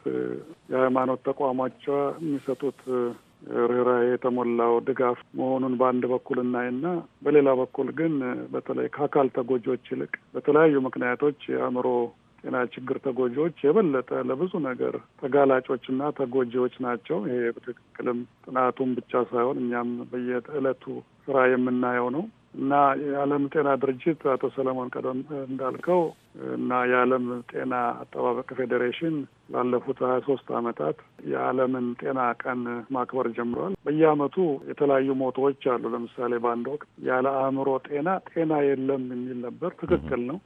የሃይማኖት ተቋማቿ የሚሰጡት ርኅራኄ የተሞላው ድጋፍ መሆኑን በአንድ በኩል እናይና በሌላ በኩል ግን በተለይ ከአካል ተጎጂዎች ይልቅ በተለያዩ ምክንያቶች የአእምሮ ጤና ችግር ተጎጂዎች የበለጠ ለብዙ ነገር ተጋላጮችና ተጎጂዎች ናቸው። ይሄ በትክክልም ጥናቱም ብቻ ሳይሆን እኛም በየዕለቱ ስራ የምናየው ነው። እና የዓለም ጤና ድርጅት አቶ ሰለሞን ቀደም እንዳልከው እና የዓለም ጤና አጠባበቅ ፌዴሬሽን ላለፉት ሀያ ሶስት አመታት የዓለምን ጤና ቀን ማክበር ጀምረዋል። በየአመቱ የተለያዩ ሞቶዎች አሉ። ለምሳሌ በአንድ ወቅት ያለ አእምሮ ጤና ጤና የለም የሚል ነበር። ትክክል ነው።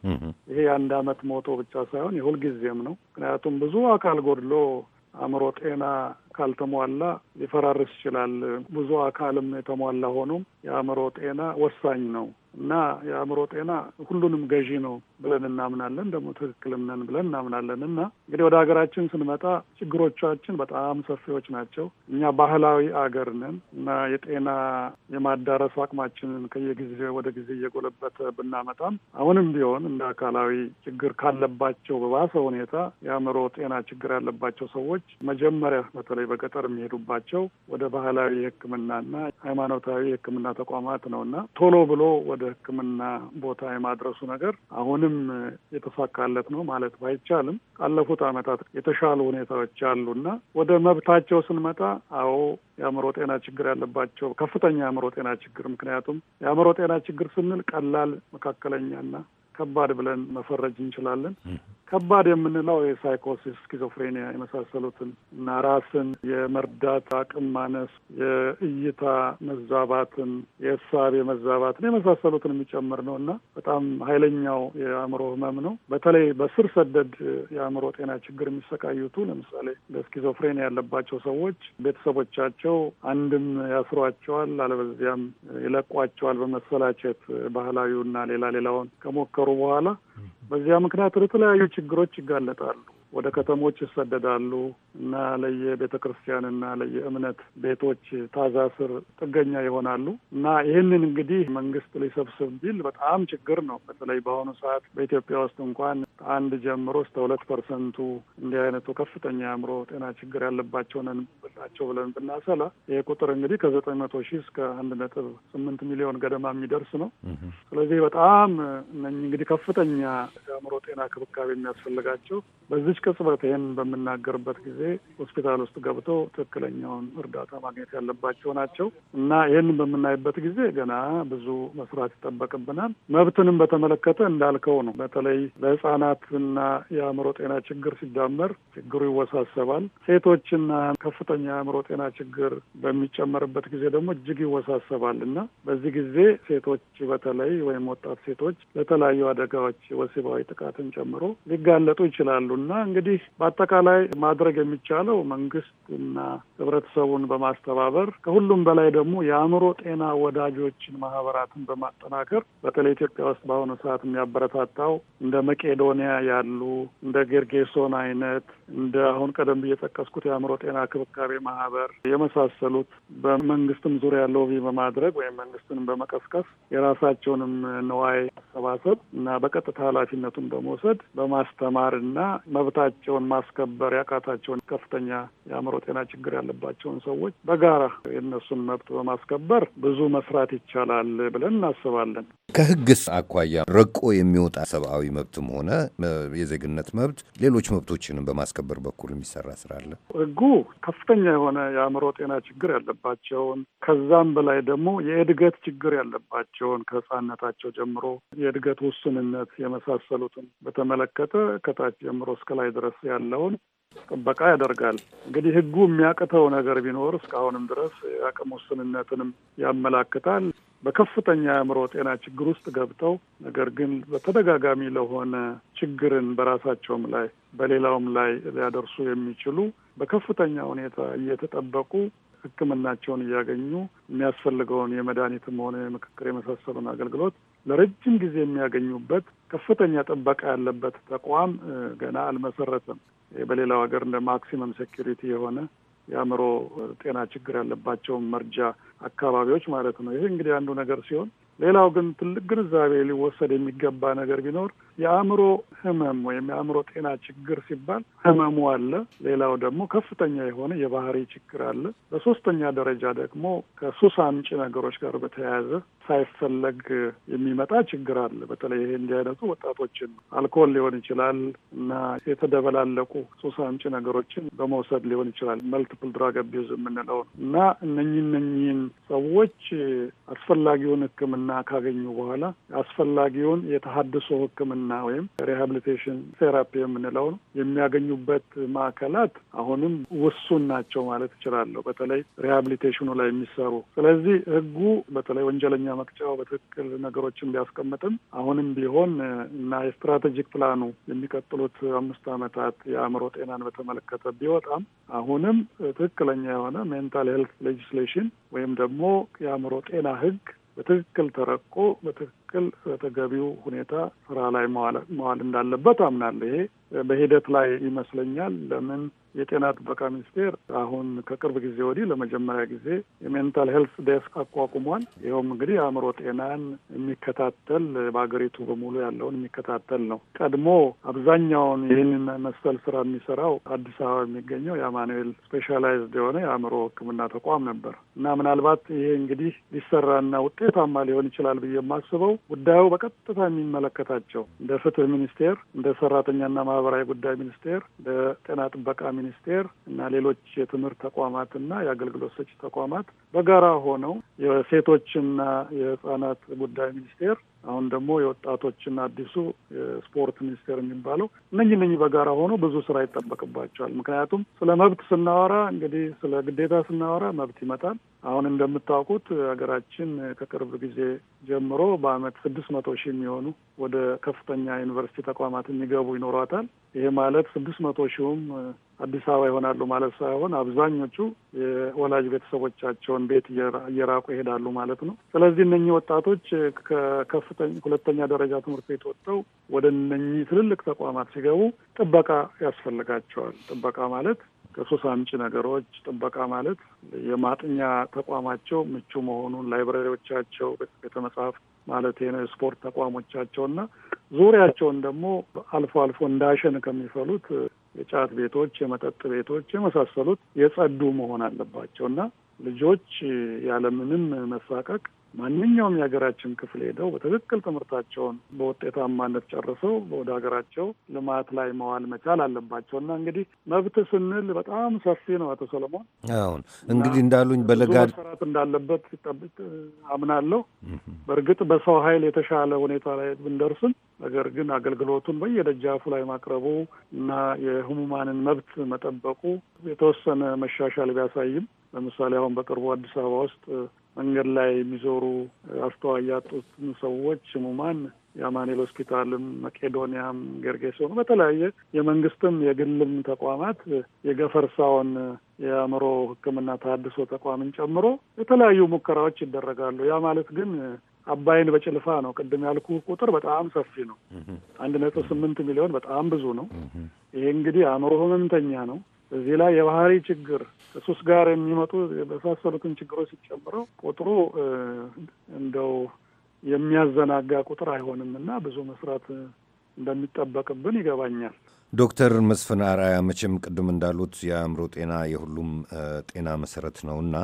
ይሄ የአንድ አመት ሞቶ ብቻ ሳይሆን የሁልጊዜም ነው። ምክንያቱም ብዙ አካል ጎድሎ አእምሮ ጤና ካልተሟላ ሊፈራርስ ይችላል። ብዙ አካልም የተሟላ ሆኖም የአእምሮ ጤና ወሳኝ ነው እና የአእምሮ ጤና ሁሉንም ገዢ ነው ብለን እናምናለን። ደግሞ ትክክልም ነን ብለን እናምናለን። እና እንግዲህ ወደ ሀገራችን ስንመጣ ችግሮቻችን በጣም ሰፊዎች ናቸው። እኛ ባህላዊ አገር ነን እና የጤና የማዳረሱ አቅማችንን ከየጊዜ ወደ ጊዜ እየጎለበተ ብናመጣም አሁንም ቢሆን እንደ አካላዊ ችግር ካለባቸው በባሰ ሁኔታ የአእምሮ ጤና ችግር ያለባቸው ሰዎች መጀመሪያ በተለይ በገጠር የሚሄዱባቸው ወደ ባህላዊ ሕክምናና ሃይማኖታዊ ሕክምና ተቋማት ነው እና ቶሎ ብሎ ወደ ሕክምና ቦታ የማድረሱ ነገር አሁንም የተሳካለት ነው ማለት ባይቻልም ካለፉት ዓመታት የተሻሉ ሁኔታዎች እና ወደ መብታቸው ስንመጣ አዎ የአእምሮ ጤና ችግር ያለባቸው ከፍተኛ የአእምሮ ጤና ችግር ምክንያቱም የአእምሮ ጤና ችግር ስንል ቀላል፣ መካከለኛና ከባድ ብለን መፈረጅ እንችላለን። ከባድ የምንለው የሳይኮሲስ ስኪዞፍሬኒያ የመሳሰሉትን እና ራስን የመርዳት አቅም ማነስ፣ የእይታ መዛባትን፣ የእሳቤ መዛባትን የመሳሰሉትን የሚጨምር ነው እና በጣም ኃይለኛው የአእምሮ ህመም ነው። በተለይ በስር ሰደድ የአእምሮ ጤና ችግር የሚሰቃዩቱ ለምሳሌ በስኪዞፍሬኒያ ያለባቸው ሰዎች ቤተሰቦቻቸው አንድም ያስሯቸዋል፣ አለበዚያም ይለቋቸዋል በመሰላቸት ባህላዊውና ሌላ ሌላውን ከሞከሩ ከኖሩ በኋላ በዚያ ምክንያት ለተለያዩ ችግሮች ይጋለጣሉ። ወደ ከተሞች ይሰደዳሉ እና ለየቤተ ክርስቲያንና ለየእምነት ቤቶች ታዛ ስር ጥገኛ ይሆናሉ እና ይህንን እንግዲህ መንግስት ሊሰብስብ ቢል በጣም ችግር ነው። በተለይ በአሁኑ ሰዓት በኢትዮጵያ ውስጥ እንኳን አንድ ጀምሮ እስከ ሁለት ፐርሰንቱ እንዲህ አይነቱ ከፍተኛ አእምሮ ጤና ችግር ያለባቸው ነን ብላቸው ብለን ብናሰላ ይህ ቁጥር እንግዲህ ከዘጠኝ መቶ ሺህ እስከ አንድ ነጥብ ስምንት ሚሊዮን ገደማ የሚደርስ ነው። ስለዚህ በጣም እነኝህ እንግዲህ ከፍተኛ የአእምሮ ጤና ክብካቤ የሚያስፈልጋቸው በዚህ ትንሽ ቅጽበት ይህን በምናገርበት ጊዜ ሆስፒታል ውስጥ ገብቶ ትክክለኛውን እርዳታ ማግኘት ያለባቸው ናቸው እና ይህን በምናይበት ጊዜ ገና ብዙ መስራት ይጠበቅብናል። መብትንም በተመለከተ እንዳልከው ነው። በተለይ ለህጻናትና የአእምሮ ጤና ችግር ሲዳመር ችግሩ ይወሳሰባል። ሴቶችና ከፍተኛ የአእምሮ ጤና ችግር በሚጨመርበት ጊዜ ደግሞ እጅግ ይወሳሰባል እና በዚህ ጊዜ ሴቶች በተለይ ወይም ወጣት ሴቶች ለተለያዩ አደጋዎች ወሲባዊ ጥቃትን ጨምሮ ሊጋለጡ ይችላሉ እና እንግዲህ በአጠቃላይ ማድረግ የሚቻለው መንግስት እና ህብረተሰቡን በማስተባበር ከሁሉም በላይ ደግሞ የአእምሮ ጤና ወዳጆችን ማህበራትን በማጠናከር በተለይ ኢትዮጵያ ውስጥ በአሁኑ ሰዓት የሚያበረታታው እንደ መቄዶንያ ያሉ እንደ ጌርጌሶን አይነት እንደ አሁን ቀደም ብዬ የጠቀስኩት የአእምሮ ጤና ክብካቤ ማህበር የመሳሰሉት በመንግስትም ዙሪያ ሎቢ በማድረግ ወይም መንግስትንም በመቀስቀስ የራሳቸውንም ንዋይ አሰባሰብ እና በቀጥታ ኃላፊነቱን በመውሰድ በማስተማር እና መብት መብታቸውን ማስከበር ያቃታቸውን ከፍተኛ የአእምሮ ጤና ችግር ያለባቸውን ሰዎች በጋራ የእነሱን መብት በማስከበር ብዙ መስራት ይቻላል ብለን እናስባለን። ከህግስ አኳያ ረቆ የሚወጣ ሰብአዊ መብትም ሆነ የዜግነት መብት ሌሎች መብቶችንም በማስከበር በኩል የሚሰራ ስራ አለ። ህጉ ከፍተኛ የሆነ የአእምሮ ጤና ችግር ያለባቸውን ከዛም በላይ ደግሞ የእድገት ችግር ያለባቸውን ከህፃነታቸው ጀምሮ የእድገት ውስንነት የመሳሰሉትን በተመለከተ ከታች ጀምሮ እስከ ላይ ድረስ ያለውን ጥበቃ ያደርጋል። እንግዲህ ህጉ የሚያቅተው ነገር ቢኖር እስካሁንም ድረስ የአቅም ውስንነትንም ያመላክታል። በከፍተኛ የአእምሮ ጤና ችግር ውስጥ ገብተው ነገር ግን በተደጋጋሚ ለሆነ ችግርን በራሳቸውም ላይ በሌላውም ላይ ሊያደርሱ የሚችሉ በከፍተኛ ሁኔታ እየተጠበቁ ሕክምናቸውን እያገኙ የሚያስፈልገውን የመድኃኒትም ሆነ የምክክር የመሳሰሉን አገልግሎት ለረጅም ጊዜ የሚያገኙበት ከፍተኛ ጥበቃ ያለበት ተቋም ገና አልመሰረተም። በሌላው ሀገር እንደ ማክሲመም ሴኪሪቲ የሆነ የአእምሮ ጤና ችግር ያለባቸውን መርጃ አካባቢዎች ማለት ነው። ይህ እንግዲህ አንዱ ነገር ሲሆን ሌላው ግን ትልቅ ግንዛቤ ሊወሰድ የሚገባ ነገር ቢኖር የአእምሮ ህመም ወይም የአእምሮ ጤና ችግር ሲባል ህመሙ አለ። ሌላው ደግሞ ከፍተኛ የሆነ የባህሪ ችግር አለ። በሶስተኛ ደረጃ ደግሞ ከሱስ አምጪ ነገሮች ጋር በተያያዘ ሳይፈለግ የሚመጣ ችግር አለ። በተለይ ይሄ እንዲህ አይነቱ ወጣቶችን አልኮል ሊሆን ይችላል እና የተደበላለቁ ሱስ አምጪ ነገሮችን በመውሰድ ሊሆን ይችላል መልቲፕል ድራግ አቢዩዝ የምንለው እና እነኚህ እነኚህን ሰዎች አስፈላጊውን ህክምና ካገኙ በኋላ አስፈላጊውን የተሀድሶ ህክምና ሕክምና ወይም ሪሃብሊቴሽን ቴራፒ የምንለውን የሚያገኙበት ማዕከላት አሁንም ውሱን ናቸው ማለት እችላለሁ፣ በተለይ ሪሃብሊቴሽኑ ላይ የሚሰሩ። ስለዚህ ህጉ በተለይ ወንጀለኛ መቅጫው በትክክል ነገሮችን ቢያስቀምጥም አሁንም ቢሆን እና የስትራቴጂክ ፕላኑ የሚቀጥሉት አምስት ዓመታት የአእምሮ ጤናን በተመለከተ ቢወጣም አሁንም ትክክለኛ የሆነ ሜንታል ሄልት ሌጂስሌሽን ወይም ደግሞ የአእምሮ ጤና ህግ በትክክል ተረቆ በትክክል በተገቢው ሁኔታ ስራ ላይ መዋል እንዳለበት አምናለሁ። ይሄ በሂደት ላይ ይመስለኛል። ለምን የጤና ጥበቃ ሚኒስቴር አሁን ከቅርብ ጊዜ ወዲህ ለመጀመሪያ ጊዜ የሜንታል ሄልስ ዴስክ አቋቁሟል። ይኸውም እንግዲህ የአእምሮ ጤናን የሚከታተል በሀገሪቱ በሙሉ ያለውን የሚከታተል ነው። ቀድሞ አብዛኛውን ይህንን መሰል ስራ የሚሰራው አዲስ አበባ የሚገኘው የአማኑኤል ስፔሻላይዝድ የሆነ የአእምሮ ሕክምና ተቋም ነበር እና ምናልባት ይሄ እንግዲህ ሊሰራና ውጤታማ ሊሆን ይችላል ብዬ የማስበው ጉዳዩ በቀጥታ የሚመለከታቸው እንደ ፍትህ ሚኒስቴር፣ እንደ ሰራተኛና ማህበራዊ ጉዳይ ሚኒስቴር፣ እንደ ጤና ጥበቃ ሚኒስቴር እና ሌሎች የትምህርት ተቋማትና የአገልግሎት ሰጪ ተቋማት በጋራ ሆነው የሴቶችና የህጻናት ጉዳይ ሚኒስቴር አሁን ደግሞ የወጣቶችና አዲሱ የስፖርት ሚኒስቴር የሚባለው እነኚህ እነኚህ በጋራ ሆኖ ብዙ ስራ ይጠበቅባቸዋል። ምክንያቱም ስለ መብት ስናወራ እንግዲህ ስለ ግዴታ ስናወራ መብት ይመጣል። አሁን እንደምታውቁት ሀገራችን ከቅርብ ጊዜ ጀምሮ በአመት ስድስት መቶ ሺህ የሚሆኑ ወደ ከፍተኛ ዩኒቨርሲቲ ተቋማት የሚገቡ ይኖሯታል። ይሄ ማለት ስድስት መቶ ሺውም አዲስ አበባ ይሆናሉ ማለት ሳይሆን አብዛኞቹ የወላጅ ቤተሰቦቻቸውን ቤት እየራቁ ይሄዳሉ ማለት ነው። ስለዚህ እነኚህ ወጣቶች ከፍ ሁለተኛ ደረጃ ትምህርት ቤት ወጥተው ወደ እነኚህ ትልልቅ ተቋማት ሲገቡ ጥበቃ ያስፈልጋቸዋል። ጥበቃ ማለት ከሱስ አምጪ ነገሮች ጥበቃ ማለት የማጥኛ ተቋማቸው ምቹ መሆኑን ላይብራሪዎቻቸው፣ ቤተ መጽሐፍት ማለት ነው፣ የስፖርት ተቋሞቻቸውና ዙሪያቸውን ደግሞ አልፎ አልፎ እንዳሸን ከሚፈሉት የጫት ቤቶች፣ የመጠጥ ቤቶች የመሳሰሉት የጸዱ መሆን አለባቸው እና ልጆች ያለምንም መሳቀቅ ማንኛውም የሀገራችን ክፍል ሄደው በትክክል ትምህርታቸውን በውጤታማነት ጨርሰው ወደ ሀገራቸው ልማት ላይ መዋል መቻል አለባቸው እና እንግዲህ መብት ስንል በጣም ሰፊ ነው። አቶ ሰለሞን አሁን እንግዲህ እንዳሉኝ በለጋ መሰራት እንዳለበት አምናለሁ። በእርግጥ በሰው ኃይል የተሻለ ሁኔታ ላይ ብንደርስም ነገር ግን አገልግሎቱን በየደጃፉ ላይ ማቅረቡ እና የህሙማንን መብት መጠበቁ የተወሰነ መሻሻል ቢያሳይም ለምሳሌ አሁን በቅርቡ አዲስ አበባ ውስጥ መንገድ ላይ የሚዞሩ አስተዋይ ያጡትን ሰዎች ህሙማን የአማኑኤል ሆስፒታልም፣ መቄዶንያም፣ ጌርጌሶን በተለያየ የመንግስትም የግልም ተቋማት የገፈርሳውን የአእምሮ ሕክምና ተሀድሶ ተቋምን ጨምሮ የተለያዩ ሙከራዎች ይደረጋሉ። ያ ማለት ግን አባይን በጭልፋ ነው። ቅድም ያልኩ ቁጥር በጣም ሰፊ ነው። አንድ ነጥብ ስምንት ሚሊዮን በጣም ብዙ ነው። ይሄ እንግዲህ አእምሮ ህመምተኛ ነው። በዚህ ላይ የባህሪ ችግር ከሱስ ጋር የሚመጡ የመሳሰሉትን ችግሮች ሲጨምረው ቁጥሩ እንደው የሚያዘናጋ ቁጥር አይሆንም እና ብዙ መስራት እንደሚጠበቅብን ይገባኛል። ዶክተር መስፍን አርአያ መቼም ቅድም እንዳሉት የአእምሮ ጤና የሁሉም ጤና መሰረት ነውና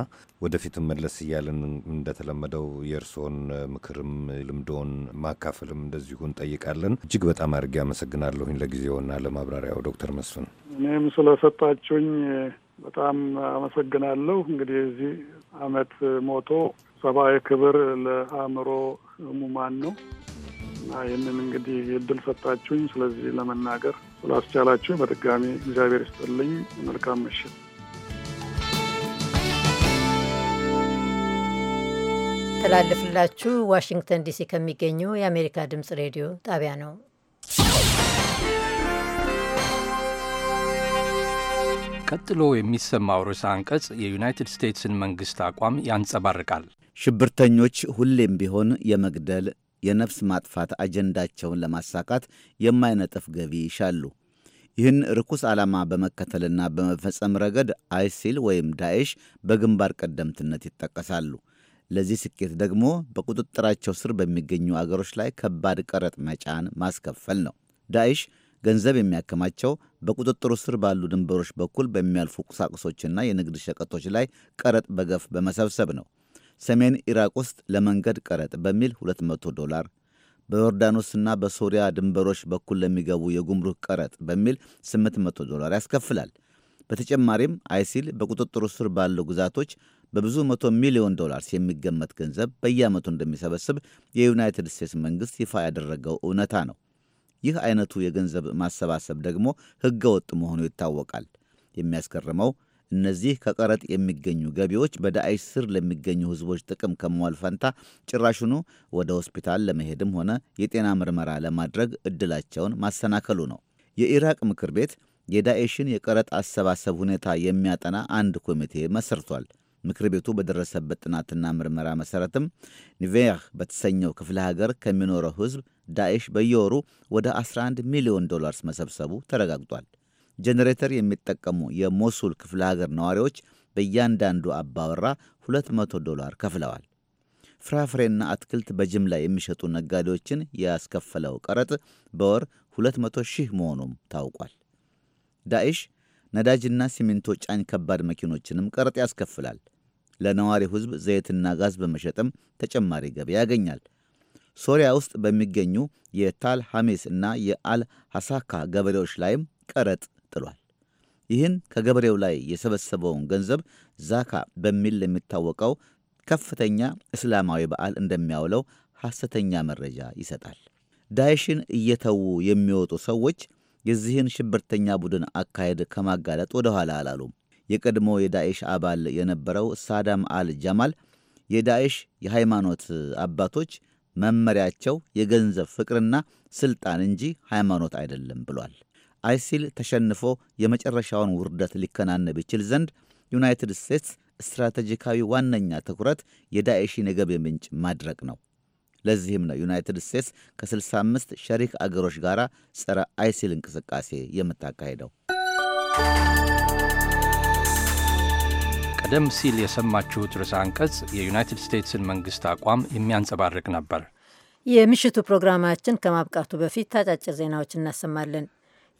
ወደፊት መለስ እያልን እንደተለመደው የእርስዎን ምክርም ልምዶን ማካፈልም እንደዚሁ እንጠይቃለን። እጅግ በጣም አድርጌ አመሰግናለሁኝ ለጊዜውና ለማብራሪያው ዶክተር መስፍን። እኔም ስለሰጣችሁኝ በጣም አመሰግናለሁ። እንግዲህ እዚህ አመት ሞቶ ሰብአዊ ክብር ለአእምሮ ህሙማን ነው። እና ይህንን እንግዲህ እድል ሰጣችሁኝ፣ ስለዚህ ለመናገር ስላስቻላችሁ በድጋሚ እግዚአብሔር ይስጥልኝ። መልካም ምሽት። ተላለፍላችሁ ዋሽንግተን ዲሲ ከሚገኘው የአሜሪካ ድምፅ ሬዲዮ ጣቢያ ነው። ቀጥሎ የሚሰማው ርዕሰ አንቀጽ የዩናይትድ ስቴትስን መንግሥት አቋም ያንጸባርቃል። ሽብርተኞች ሁሌም ቢሆን የመግደል የነፍስ ማጥፋት አጀንዳቸውን ለማሳካት የማይነጥፍ ገቢ ይሻሉ። ይህን ርኩስ ዓላማ በመከተልና በመፈጸም ረገድ አይሲል ወይም ዳኤሽ በግንባር ቀደምትነት ይጠቀሳሉ። ለዚህ ስኬት ደግሞ በቁጥጥራቸው ስር በሚገኙ አገሮች ላይ ከባድ ቀረጥ መጫን ማስከፈል ነው። ዳኤሽ ገንዘብ የሚያከማቸው በቁጥጥሩ ስር ባሉ ድንበሮች በኩል በሚያልፉ ቁሳቁሶችና የንግድ ሸቀጦች ላይ ቀረጥ በገፍ በመሰብሰብ ነው። ሰሜን ኢራቅ ውስጥ ለመንገድ ቀረጥ በሚል 200 ዶላር፣ በዮርዳኖስና በሶሪያ ድንበሮች በኩል ለሚገቡ የጉምሩክ ቀረጥ በሚል 800 ዶላር ያስከፍላል። በተጨማሪም አይሲል በቁጥጥሩ ስር ባሉ ግዛቶች በብዙ መቶ ሚሊዮን ዶላርስ የሚገመት ገንዘብ በየዓመቱ እንደሚሰበስብ የዩናይትድ ስቴትስ መንግሥት ይፋ ያደረገው እውነታ ነው። ይህ አይነቱ የገንዘብ ማሰባሰብ ደግሞ ሕገ ወጥ መሆኑ ይታወቃል። የሚያስገርመው እነዚህ ከቀረጥ የሚገኙ ገቢዎች በዳዕሽ ስር ለሚገኙ ህዝቦች ጥቅም ከመዋል ፈንታ ጭራሹኑ ወደ ሆስፒታል ለመሄድም ሆነ የጤና ምርመራ ለማድረግ እድላቸውን ማሰናከሉ ነው። የኢራቅ ምክር ቤት የዳዕሽን የቀረጥ አሰባሰብ ሁኔታ የሚያጠና አንድ ኮሚቴ መስርቷል። ምክር ቤቱ በደረሰበት ጥናትና ምርመራ መሠረትም ኒቬር በተሰኘው ክፍለ ሀገር ከሚኖረው ህዝብ ዳዕሽ በየወሩ ወደ 11 ሚሊዮን ዶላርስ መሰብሰቡ ተረጋግጧል። ጄኔሬተር የሚጠቀሙ የሞሱል ክፍለ ሀገር ነዋሪዎች በእያንዳንዱ አባወራ 200 ዶላር ከፍለዋል። ፍራፍሬና አትክልት በጅምላ የሚሸጡ ነጋዴዎችን ያስከፈለው ቀረጥ በወር 200 ሺህ መሆኑም ታውቋል። ዳኤሽ ነዳጅና ሲሚንቶ ጫኝ ከባድ መኪኖችንም ቀረጥ ያስከፍላል። ለነዋሪው ሕዝብ ዘይትና ጋዝ በመሸጥም ተጨማሪ ገቢ ያገኛል። ሶሪያ ውስጥ በሚገኙ የታል ሐሜስ እና የአል ሐሳካ ገበሬዎች ላይም ቀረጥ ቀጥሏል። ይህን ከገበሬው ላይ የሰበሰበውን ገንዘብ ዛካ በሚል ለሚታወቀው ከፍተኛ እስላማዊ በዓል እንደሚያውለው ሐሰተኛ መረጃ ይሰጣል። ዳይሽን እየተዉ የሚወጡ ሰዎች የዚህን ሽብርተኛ ቡድን አካሄድ ከማጋለጥ ወደ ኋላ አላሉም። የቀድሞ የዳኤሽ አባል የነበረው ሳዳም አል ጀማል የዳኤሽ የሃይማኖት አባቶች መመሪያቸው የገንዘብ ፍቅርና ስልጣን እንጂ ሃይማኖት አይደለም ብሏል። አይሲል ተሸንፎ የመጨረሻውን ውርደት ሊከናነብ ይችል ዘንድ ዩናይትድ ስቴትስ ስትራቴጂካዊ ዋነኛ ትኩረት የዳኤሽን የገቢ ምንጭ ማድረቅ ነው። ለዚህም ነው ዩናይትድ ስቴትስ ከ65 ሸሪክ አገሮች ጋር ጸረ አይሲል እንቅስቃሴ የምታካሄደው። ቀደም ሲል የሰማችሁት ርዕሰ አንቀጽ የዩናይትድ ስቴትስን መንግሥት አቋም የሚያንጸባርቅ ነበር። የምሽቱ ፕሮግራማችን ከማብቃቱ በፊት አጫጭር ዜናዎች እናሰማለን።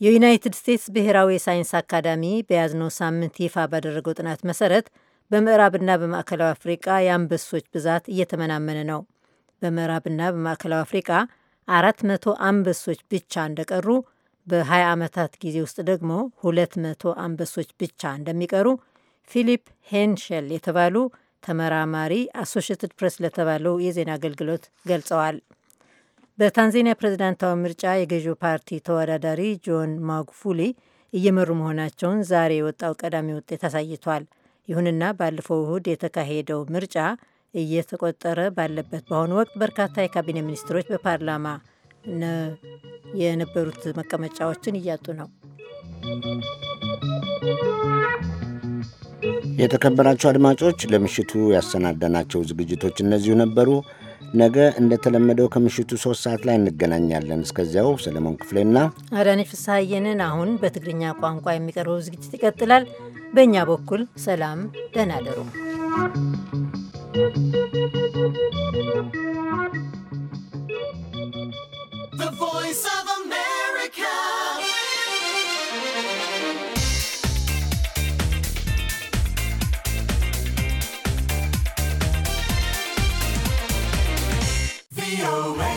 የዩናይትድ ስቴትስ ብሔራዊ የሳይንስ አካዳሚ በያዝነው ሳምንት ይፋ ባደረገው ጥናት መሰረት በምዕራብና በማዕከላዊ አፍሪቃ የአንበሶች ብዛት እየተመናመነ ነው። በምዕራብና በማዕከላዊ አፍሪቃ አራት መቶ አንበሶች ብቻ እንደቀሩ በ20 ዓመታት ጊዜ ውስጥ ደግሞ ሁለት መቶ አንበሶች ብቻ እንደሚቀሩ ፊሊፕ ሄንሸል የተባሉ ተመራማሪ አሶሽትድ ፕሬስ ለተባለው የዜና አገልግሎት ገልጸዋል። በታንዛኒያ ፕሬዝዳንታዊ ምርጫ የገዢው ፓርቲ ተወዳዳሪ ጆን ማጉፉሊ እየመሩ መሆናቸውን ዛሬ የወጣው ቀዳሚ ውጤት አሳይቷል። ይሁንና ባለፈው እሁድ የተካሄደው ምርጫ እየተቆጠረ ባለበት በአሁኑ ወቅት በርካታ የካቢኔ ሚኒስትሮች በፓርላማ የነበሩት መቀመጫዎችን እያጡ ነው። የተከበራቸው አድማጮች ለምሽቱ ያሰናዳናቸው ዝግጅቶች እነዚሁ ነበሩ። ነገ እንደተለመደው ከምሽቱ ሶስት ሰዓት ላይ እንገናኛለን። እስከዚያው ሰለሞን ክፍሌና አዳነች ፍስሐየንን አሁን በትግርኛ ቋንቋ የሚቀርበው ዝግጅት ይቀጥላል። በእኛ በኩል ሰላም፣ ደህና ደሩ። G-O-A.